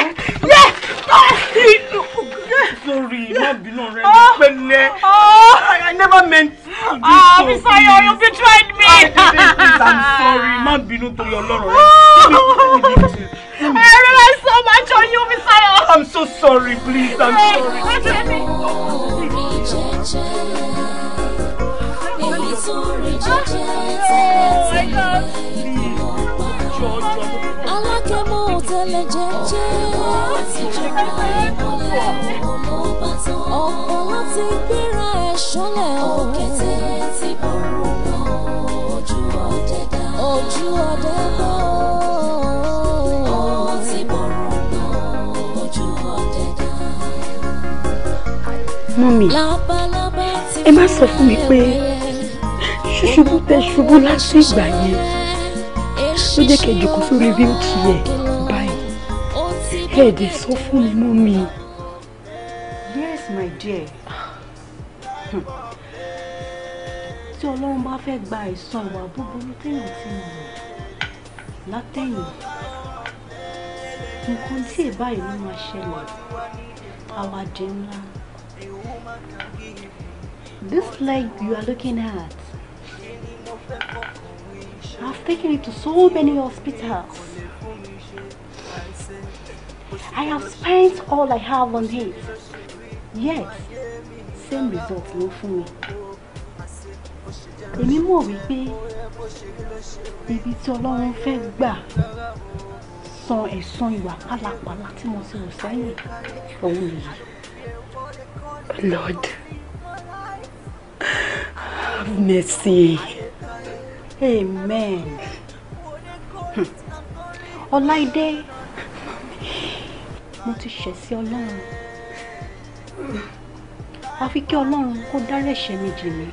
sorry má bínú rẹ ní pẹ̀lẹ́ i never meant to do ah, so. mi you betrayed me. i didn't mean i'm sorry má bínú torí ọlọ́run rẹ. Oh. I rely so much on you, Misayo. I'm so sorry, please. I'm sorry. Ah. Oh my God. balẹ̀ jẹ́jẹ́. ọ̀pọ̀ ló ti gbéra ẹ̀ ṣọlẹ̀ o. òkété ti burú mọ́ ojú ọdẹ dá. ojú ti burú mọ́ ojú ọdẹ dá. mọ́mì ẹ má sọ fún mi pé ṣùṣubú tẹ ṣubú láti ìgbà yẹn ló jẹ́ kẹjù kó sórí bí ó ti yẹ ẹ̀ẹ́dẹ̀ sọ fún mi mọ́ mi. yes my dear tí ọlọ́run bá fẹ́ gba ìsan ìwà búburú téèyàn ti mọ̀ látẹ̀yìn nǹkan tí ìbáyìí ló máa ṣẹlẹ̀ àwàdì ńlá. This leg you are looking at, I've taken it to so many hospitals. I have spent all I have on it. Yes, same result for me. mi. Èmi mọ̀ wípé ibi tí Ọlọ́run fẹ́ gbà san ẹ̀san ìwà pálapàla tí mo ti rò sẹ́yìn òun nìyí. Lord, have mercy. Amen. Hm. Ọláìdé. Hmm mo ti ṣẹ̀ sí ọlọ́run àfi kí ọlọ́run kó dárí ẹ̀ṣẹ̀ mi jì mí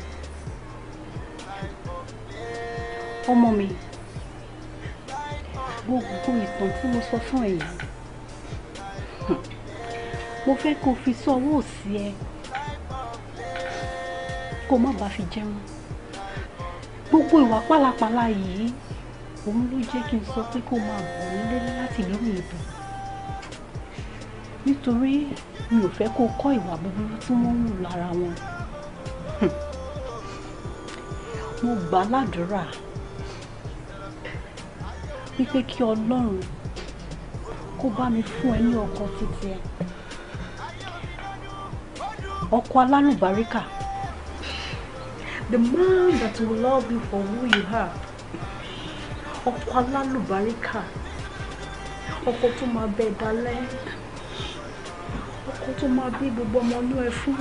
ọmọ mi gbogbo ìtàn tí mo sọ fún ẹ̀yin mo fẹ́ kó fi sọ́wọ́ òsì ẹ kó má bàa fi jẹun gbogbo ìwà pálapàla yìí òun ló jẹ́ kí n sọ pé kó máa bọ̀ nílé láti ìlú òyìnbó nítorí mi ò fẹ́ kó kọ́ ìwà búburú tí wọ́n ń hù lára wọn. mo gbà ládùúrà wípé kí ọlọ́run kó bá mi fún ẹ ní ọkọ títí ẹ ọkọ alálùbáríkà. the man that will love you for who you are ọkọ alálùbáríkà ọkọ tó máa bẹ dalẹ́ kó tó máa bí gbogbo ọmọ inú ẹ fún.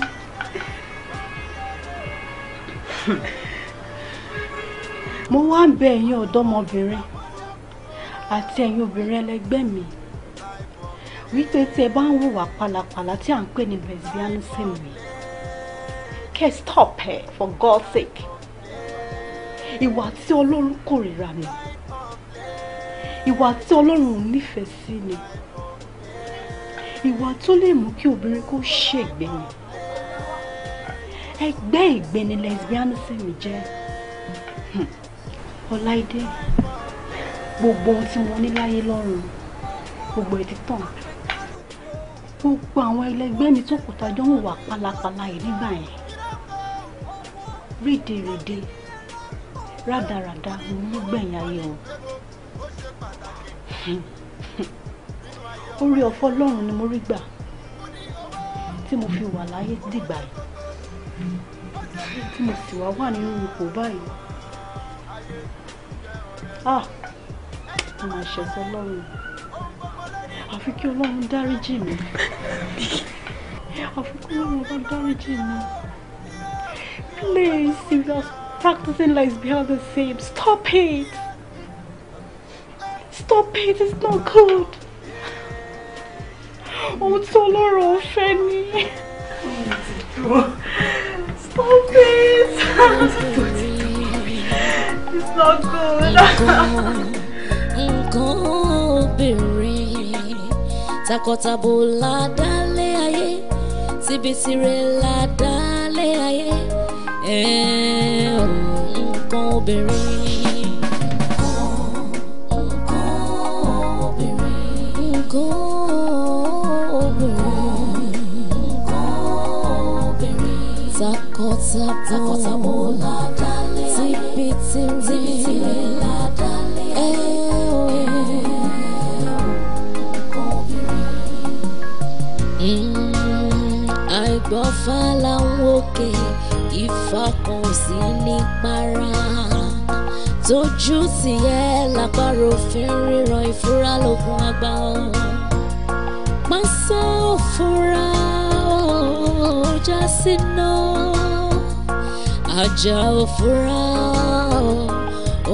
mo wá ń bẹ ẹ̀yin ọ̀dọ́mọbìnrin àti ẹ̀yin obìnrin ẹlẹgbẹ́ mi wípé tí ẹ bá ń hùwà pálapàla tí à ń pè ní lesbianism mi kẹ́ stop ẹ for God's sake ìwà tí Ọlọ́run kórìíra ni ìwà tí Ọlọ́run ò nífẹ̀ẹ́ sí ni. Si ìwà tó lè mú kí obìnrin kó ṣègbé ni ẹgbẹ́ ìgbé ni lesbianism jẹ́ hmm. ọláìdé gbogbo ohun tí mo ní láyé lọ́rùn gbogbo ètí tàn gbogbo àwọn ẹlẹgbẹ́ mi tó kù tájọ́ ń wà pálapàla yìí nígbà yẹn rédèrèdè rádaràda ló gbẹ̀yìn ayé o. Hmm orí ọ̀fọ̀ Ọlọ́run ni mo rí gbà tí mo fi wà láyé dìgbà yìí tí mo sì wá wà nínú ipò báyìí ah mo máa ṣẹ̀sọ́ Ọlọ́run àfi kí Ọlọ́run dáríjì mi àfi kí Ọlọ́run bá dáríjì mi please if you are practicing lesbian the same stop it stop it it's not good. Oh, tí ọlọ́run ò fẹ́ Stop it! It's not good. Nǹkan obìnrin takọtabo ládàlẹ́ ayé tìbìtìrẹ ládàlẹ́ ayé nǹkan obìnrin. àtàbọ̀ tìbìtìrì àìgbọ́fà làwọn òkè ìfà kan ò sí ní para tójú tìyẹ́ lápárò fi ń ríran ìfúra lókun àgbà ọ̀hún pásá òfúra ó já sí àjà òfurá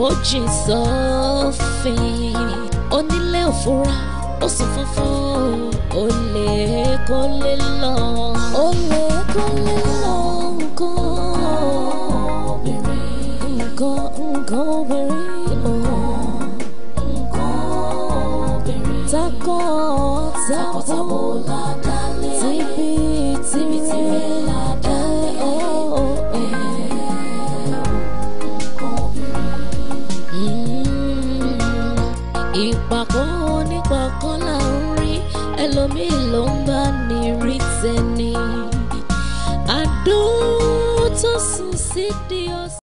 ó jìn sọ́fìn onílé òfurá ó sùn funfun ó lè kólé lọ ó lè kólé lọ nǹkan.